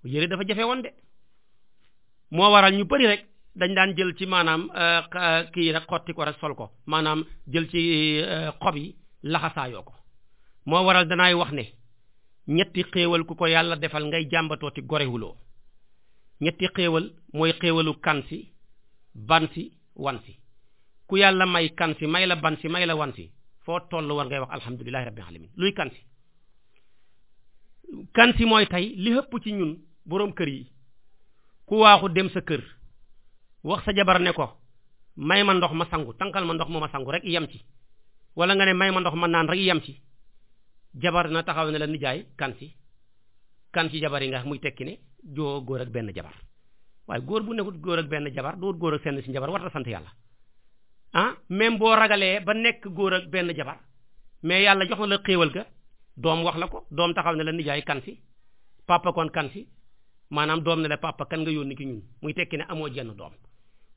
yëre dafa jafe woon de moo waral ñu bari rek dañ daan jël ci maanaam euh, kii rek xotti ko rek sol ko maanaam jël ci euh, xob yi laxasaayoo ko moo waral danaay wax ne ñetti xéewal ku ko yàlla defal ngay jàmbatooti gorewuloo ñetti xéewal mooy xéewalu kan si ban ku yàlla may kan may la ban si may la wan si foo toll war ngay wax alhamdulilahi rabbil alamin luy kan si kan si mooy tey li ëpp ci ñun boroom kër yi ku waaxu dem sa kër wax sa jabar ne ko may ma ndox ma sangu tànkal ma ndox mu ma sangu rek yem ci wala nga ne may ma ndox ma naan rek yam ci jabar na taxaw ne la nijaay kan si kan si jabar yi nga muy tekki ne joo góor ak benn jabar waaye góor bu nekkut góor ak benn jabar doot góor ak seen si jabar war na sant yàlla ah même boo ragalee ba nekk góor ak benn jabar mais yàlla jox na la xéewal ga doom wax la ko doom taxaw ne la nijaay kan si papa kon kan si maanaam doom ne la papa kan nga yónni ki ñun muy tekki ne amoo jenn doom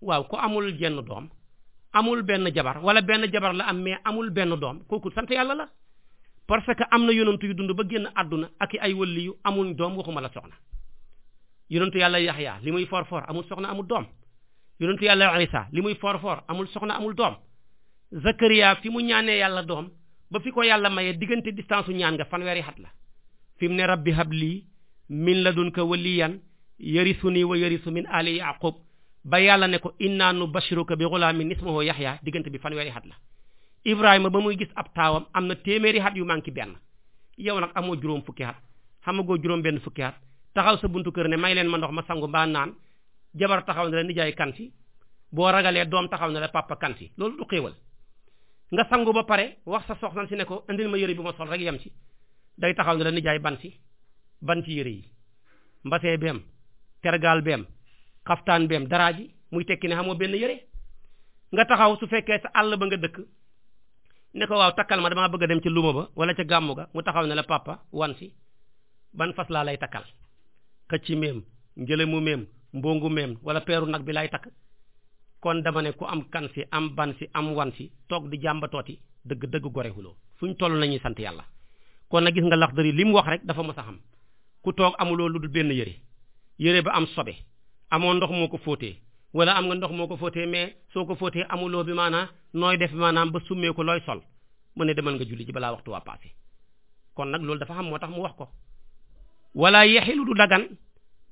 waaw ko amul jenn doom amul benn jabar wala benn jabar la am mais amul benn doom kooku sant yàlla la parce que am na yonantu yu dund ba génn àdduna ak i ay wëlli amul doom waxuma la soxna yonentu yàlla yaxya li muy foor for amul soxna amul doom yonentu yàlla isa li muy for for soxna amul doom zakariya fi mu ñaanee yàlla doom ba fi ko yàlla mayee diggante distance u ñaan nga fanweeri xat la fi mu ne rabbi habli min la ladunka waliyan yarisuni wa yarisu min ali yaqub ba yàlla ne ko inna nubashiruka bi ghulamin ismuhu yaxya diggante bi fanweeri xat la ibrahima ba muy gis ab taawam am na téeméeri xat yu manqué benn yow nag amoo juróom fukki xat xamagoo juróom benn fukki xat taxaw sa buntu kër ne may leen ma ndox ma sangu mbaa naan jabar taxaw ne la nijaay kan boo ragalee doom taxaw ne la papa kan loolu du xéewal nga sangu ba pare wax sa soxna si ne ko indil ma yëre bu ma sol rek yem ci day taxaw ne la nijaay ban si yére yi mbasee beem tergaal beem xaftaan beem daraa ji muy tekki ne xamoo benn yëre nga taxaw su fekkee sa àll ba nga dëkk ne ko waaw takkal ma damaa bëgg dem ci luma ba wala ca gàmmu ga mu taxaw ne la papa wan ban fas laa lay takkal xëcci meem ngëlëmu meem mbongu meem wala peeru nag bi lay takk kon dama ne ku am kan si am ban si am wan si toog di tooti dëgg dëgg fu ñu toll nañuy sant yàlla kon nag gis nga lax Laxdari li mu wax rek dafa mos a xam ku toog amuloo lu dul benn yëre yëre ba am sobe amoon ndox moo ko fóotee wala am nga ndox moo ko fóotee mais soo ko fóotee amuloo bi maanaa nooy def bi maanaam ba summee ko looy sol mu ne demal nga julli balaa waxtu waa kon nag loolu dafa xam moo tax mu wax ko wala yexilu du dagan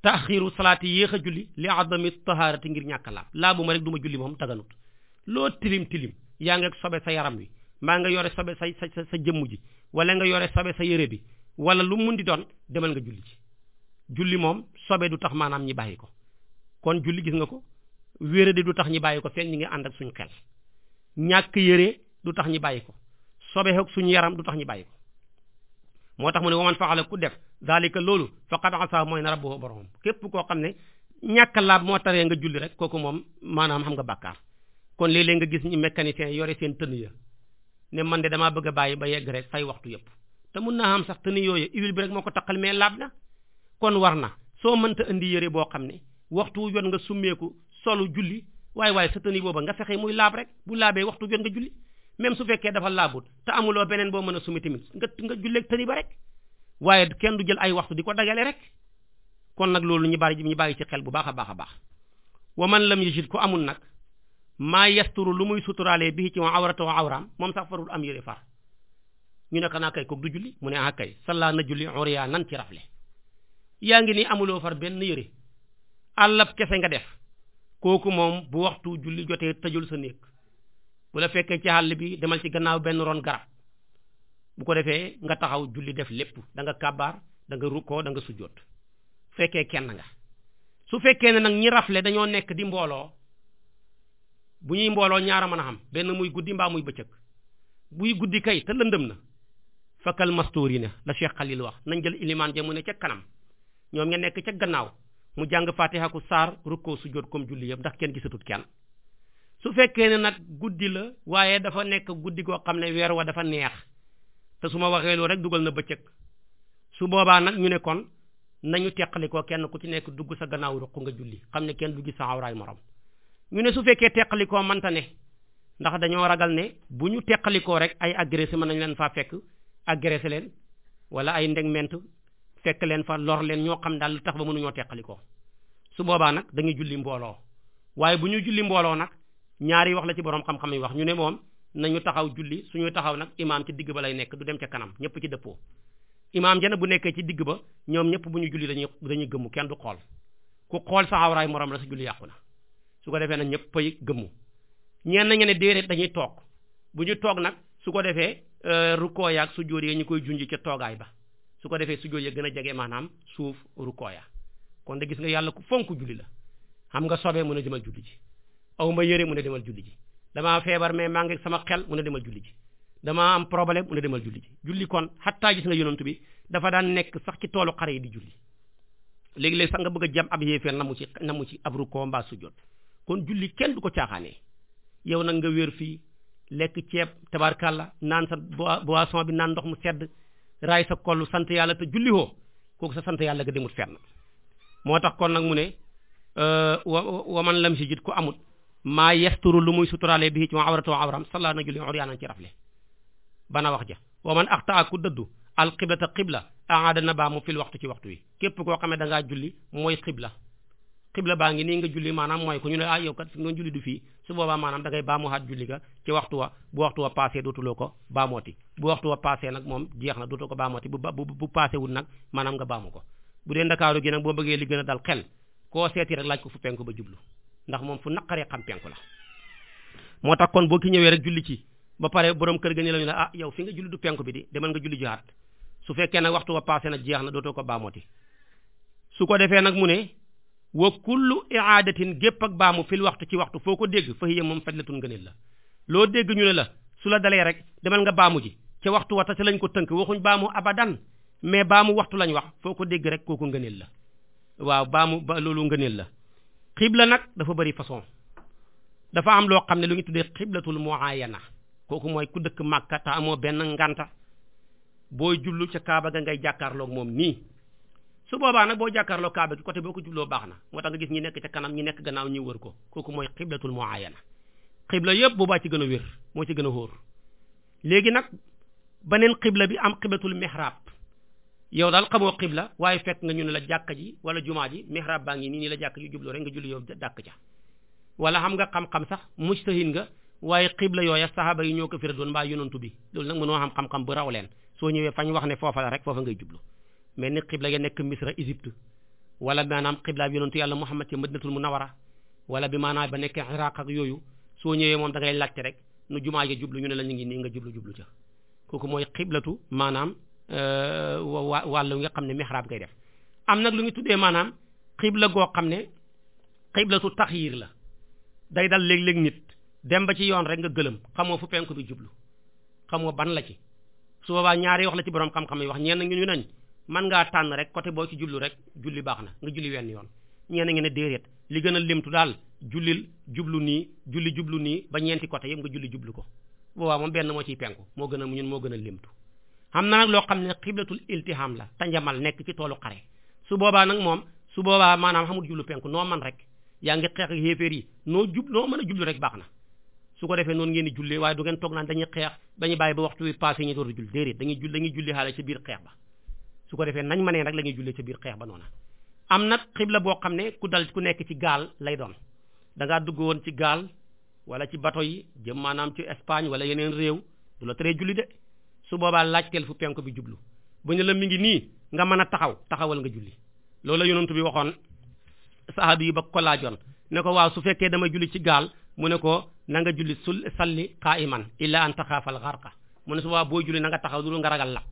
taxiru salaati yéex a julli li adami taharati ngir ñàkk laa laa bu ma rek du ma julli moom daganut loo tilim tilim yaa nga sobe sa yaram wi maa nga yore sobe sa sa sa jëmm ji wala nga yore sa yére bi wala lu mun di doon demal nga julli ci julli moom sobe du tax maanaam ñi bàyyi ko kon julli gis nga ko wéradi du tax ñi bàyyi ko fenn ñi nga ànd ak suñu xel ñàkk yére du tax ñi bàyyi ko sobe ak yaram du tax ñi bàyyi ko moo tax mu ne waman faxala ku def zalika loolu faqad asa mooy na rabbuhu boromam képp koo xam ne ñàkk laab moo taree nga julli rek kooku moom maanaam xam nga bàkkaar kon léeg nga gis ñu mécaniciens yore seen tën ya ne man de damaa bëgg a bàyyi ba yegg rek fay waxtu yëpp te mun naa am sax tën yooyu huile bi rek moo ko taqal mais laab na kon war na soo mënta indi yëre boo xam ne waxtu jot nga summeeku solu julli waaye waaye sa tën yi booba nga fexe muy laab rek bu laabee waxtu jot nga julli même su fekkee dafa laabut te amuloo beneen boo mën a sumi tamit nga nga julleeg tëri ba rek waaye kenn du jël ay waxtu di ko dagale rek kon nag loolu ñu bari ñu bàyyi ci xel bu baax a baax a baax wa man lam yajid ku amul nag maa yasturu lu muy suturaalee bii ci awrata wa awraam moom sax farul am yëre far ñu nekk ko naa kay koog du julli mu ne ah kay sallaa na julli uriyaa nan ci rafle yaa ngi ni amuloo far benn yëre àllab kese nga def kooku moom bu waxtu julli jotee sa néeg bu la fekkee ci àll bi demal ci gannaaw benn ron garab bu ko defee nga taxaw julli def lépp da nga kàbbaar danga nga rukkoo da nga sujjóot fekkee kenn nga su fekkee ne nag ñi rafle dañoo nekk di mbooloo bu ñuy mbooloo ñaara man a xam benn muy guddi mbaa muy bëccëg buy guddi kay te lëndëm na fakkal mastoor yi ne la Cheikh Khalil wax nañ jël ilimaan ja mu ne ca kanam ñoom nga nekk ca gannaaw mu jàng fatiha ku saar rukkoo sujjóot comme julli yëpp ndax kenn gisatut kenn su fekkee ne nag guddi la waaye dafa nekk guddi goo xam ne weer wa dafa neex te su ma waxee loolu rek dugal na bëccëg su boobaa nag ñu ne kon nañu teqalikoo kenn ku ci nekk dugg sa gannaaw ruq nga julli xam ne kenn du gis sa awraay morom ñu ne su fekkee teqalikoo mënta ne ndax dañoo ragal ne bu ñu teqalikoo rek ay agressé mën nañu leen faa fekk agressé leen wala ay ndeg ment fekk leen fa lor leen ñoo xam daal lu tax ba mënuñoo teqalikoo su boobaa nag dañuy julli julli mbooloo nag ñaari wax la ci borom xam-xam yi wax ñu ne moom nañu taxaw julli suñu taxaw nag imaam ci digg ba lay nekk du dem ca kanam ñëpp ci dëppoo imaam jana bu nekkee ci digg ba ñoom ñëpp bu ñu julli dañuy dañuy gëmmu kenn du xool ku xool sa awraay moroom la sa julli yàqu na su ko defee nag ñëpp ay gëmmu ñeen na ne déedéet dañuy toog bu ñu toog nag su ko defee euh, rukkoo yaak sujjóot yi ñu koy junj ca toogaay ba su ko defee sujjóot ya gën a jege maanaam suuf rukkoo ya kon de gis nga yàlla ku fonk julli la xam nga sobee mën a jëmal julli ji aw ma yére mu ne demal julli ji damaa feebar mais maa ngi sama xel mu ne demal julli ji damaa am problème mu ne demal julli ji julli kon xattaa gis nga yonantu bi dafa daan nekk sax ci toolu xare yi di julli léegi-léeg sax nga bëgg a jam ab na namu ci mu ci abru ko mbaa su jot kon julli kenn du ko caaxaanee yow nag nga wéer fii lekk ceeb tabarkalla naan sa boisson bi naan ndox mu sedd raay sa kollu sant yàlla te julli woo kooku sa sant yàlla nga demut fenn moo tax kon nag mu ne euh, waman lam si jit ku amut maa yasturu lu muy suturaale bii ci ma awratu awram salla na julli uryaanan ci rafle bana wax ja wa man axtaa ku dëddu al qiblata qibla aada na baa mu fil waxtu ci waxtu wi képp koo xamee da ngaa julli mooy qibla qibla baa ngi nii nga julli maanaam mooy ko ñu ne ah yow kat fi nga julli du fii su boobaa maanaam da ngay baamuwaat julli ga ci waxtu wa bu waxtu wa passé dootuloo ko baamooti bu waxtu wa passé nag moom jeex na dootoo ko baamooti bu bu bu passé wul nag maanaam nga baamu ko bu dee ndakaaru gi nag boo bëggee li gën a dal xel koo seeti rek laaj ko fu penku ba jublu ndax moom fu naqaree xam penku la moo tax kon boo ki ñëwee rek julli ci ba pare borom kër ga ni la ñu ah yow fi nga julli du penku bi di demal nga julli jiwaat su fekkee nag waxtu wa na jeex na dootoo ko baamooti su ko defee nag mu ne wa kullu iaadatin gépp ak baamu fil waxtu ci waxtu foo ko dégg fa hiya moom fadlatun ngëneel la loo dégg ñu ne la su la dalee rek demal nga baamu ji ca waxtu wa tase lañ ko tënk waxuñ baamu abadan mais baamu waxtu lañ wax foo ko dégg rek kooku ngëneel la waaw baamu ba loolu ngëneel la xibla nag dafa bëri façon dafa am loo xam ne lu ñu tuddee xiblatul muayana kooku mooy ku dëkk Màkka te amoo benn nganta booy jublu ca Kaaba ga ngay jàkkaarloog moom nii su boobaa nag boo jàkkaarloo Kaaba gi côté boo ko jubloo baax na moo tax nga gis ñi nekk ca kanam ñi nekk gannaaw ñi wër ko kooku mooy xiblatul muayana xibla yëpp boobaa ci gën a wér moo ci gën a wóor léegi nag beneen xibla bi am xiblatul mihrab yow daal xamoo xibla waaye fekk nga ñu ne la jàkka ji wala jumaa ji mihrab baa ngi nii nii la jàkka ji jublu rek nga julli yow dàkk ca wala xam nga xam-xam sax mujtahin nga waaye xibla yooya saxaaba yi ñoo ko fira doon mbaa yonantu bi loolu nag mënoo xam xam-xam bu raw leen soo ñëwee fañ wax ne foofa la rek foofa ngay jublu mel ni xibla ya nekk misra Égypte wala maanaam xibla bi yonantu yàlla Muhammad ci madinatul munawara wala bi maanaam ba nekk iraq ak yooyu soo ñëwee moom da ngay laajte rek nu jumaa ja jublu ñu ne la ngi nii nga jublu jublu ca kooku mooy maanaam Euh, wa wàllu nga xam ne mihraab ngay def am nag lu tuddee maanaam xibla goo xam ne xibla su taxyir la day dal léeg-léeg nit dem ba ci yoon rek nga gëlëm xamoo fu penku bi jublu xamoo ban la ci su ñaari wax la ci borom xam-xam yi wax ñeen ñu nañ mën ngaa tànn rek côté boo ci jublu rek julli baax na nga julli wenn yoon ñeen ngi ne déedéet li gën a limtu daal jullil jublu nii julli jublu nii ba ñeenti côté julli jublu ko boobaa moom benn moo ciy penku moo gën a ñun moo gën a limtu am na nag loo xam ne xiblatul iltiham la tanjamal nekk ci toolu xare su boobaa nag moom su boobaa maanaam xamul jublu penku noo man rek yaa ngi xeex ak xéeféer yi noo jub noo mën a jublu rek baax na su ko defee noonu ngeen di jullee waaye du ngeen toog naan dañuy xeex dañuy bàyyi ba waxtu wi passé ñu door di julli déedéet dañuy jull dañuy julli xaale ca biir xeex ba su ko defee nañ mënee rek la ñuy jullee ca biir xeex ba noona am nag xibla boo xam ne ku dal ku nekk ci gaal lay doon da dugg woon ci gaal wala ci bato yi jëm maanaam ci Espagne wala yeneen réew du la su boobaa laajteel fu penku bi jublu bu ñu la mi ngi nii nga mën a taxaw taxawal nga julli loolu la yonent bi waxoon sahaaba yi ba ko laajoon ne ko waaw su fekkee dama julli ci gaal mu ne ko na nga julli sul salli qaa'iman illa an taxaafal xarqa mu ne su boobaa boo julli na nga taxaw dul nga ragal lab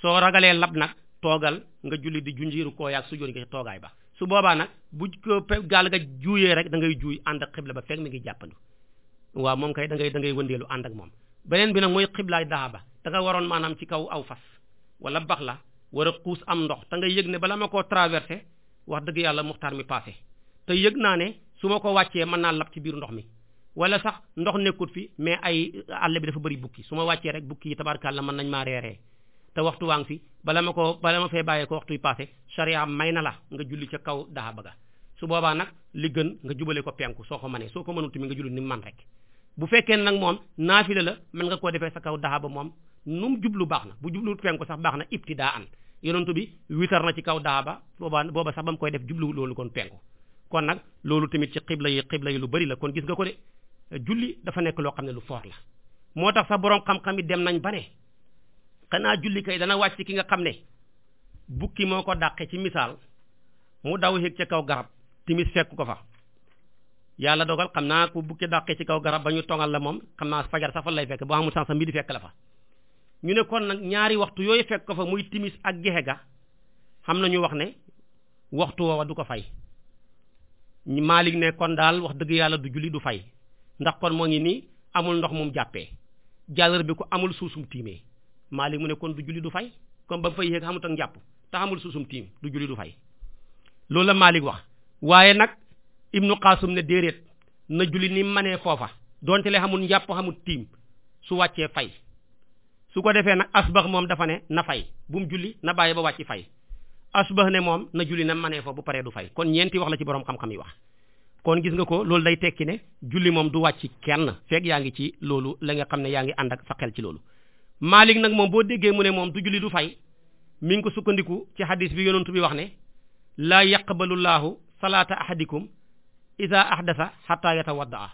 soo ragalee lab nag toogal nga julli di junjiiru koo yaag su joon nga toogaay ba su boobaa nag bu gaal nga juuyee rek da ngay juuy ànd ak xibla ba fekk mi ngi jàppandu waaw moom da ngay da ngay wëndeelu ànd ak moom beneen bi nag mooy xiblaay daaba da nga waroon maanaam ci kaw aw fas wala bax la war a xuus am ndox te nga yëg ne bala ma koo traversé wax dëgg yàlla muxtaar mi passé te yëg naa ne su ma ko wàccee mën naa lab ci biir ndox mi wala sax ndox nekkut fi mais ay àll bi dafa bëri bukki su ma wàccee rek bukki yi la mën nañ maa reeree te waxtu waa ngi fi bala ma ko bala ma fee bàyyee ko waxtu yi passé may na la nga julli ca kaw daaba ga su boobaa nag li gën nga jubale ko penku soo ko mënee soo ko mënut nga julli ni man rek bu fekkee nag moom naafila la mën nga koo defee sa kaw daxa ba moom nu mu jublu baax na bu jublu penku sax baax na ibtidaa am yonentu bi witar na ci kaw daxa ba booba booba sax ba mu koy def jublu loolu kon penku kon nag loolu tamit ci xibla yi xibla yi lu bari la kon gis nga ko de julli dafa nekk loo xam ne lu foor la moo tax sax boroom xam-xam dem nañ ba ne xanaa julli kay dana wàcc ki nga xam ne bukki moo ko dàqe ci misaal mu daw yéeg ca kaw garab timis fekk ko fa yàlla dogal xam naa ku bukki dàqee ci kaw garab ba ñu tongal la moom xam naa fajar sax fa lay fekk boo ñu ne kon nag ñaari waxtu yooyu fekk ko fa muy timis ak gexe ga xam nañu wax ne waxtu woowa du ko fay Maalik ne kon daal wax dëgg yàlla du julli du fay ndax kon moo ngi nii amul ndox mum jàppee jàllar bi ko amul suusum tiimee Maalik mu ne kon du du fay comme ba mu fay yéeg xamut ak njàpp te amul suusum tiim du julli du fay loolu la Maalik wax waaye nag ibnu qaasum ne déeréet na julli ni manee foofa donte le xamul njàpp xamul tiim su wàccee fay su ko defee nag asbax moom dafa ne na fay bu mu julli na bàyyi ba wàcc fay asbax ne moom na julli na manee foofu bu paree du fay kon ñeenti wax la ci borom xam-xam yi wax kon gis nga ko loolu day tekki ne julli moom du wàcc kenn feeg yaa ngi ci loolu la nga xam ne yaa ngi ànd ak sa xel ci loolu Malik nag moom boo déggee mu ne moom du julli du fay mi ngi ko sukkandiku ci hadis bi yonentu bi wax ne laa yaqbalullaahu salaata ahadikum isa ahdasa xataa yatawadda a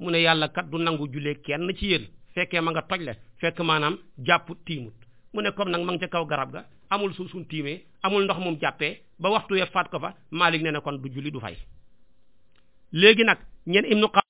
mu ne yàlla kat du nangu jullee kenn ci yéen fekkee ma nga toj le fekk maanaam jàpp tiimut mu ne comme nag ma nga ca kaw garab ga amul suuf suñ tiimee amul ndox moom jàppee ba waxtu wee faat ko fa Maalik ne ne kon du julli du fay léegi nag ñeen ibnu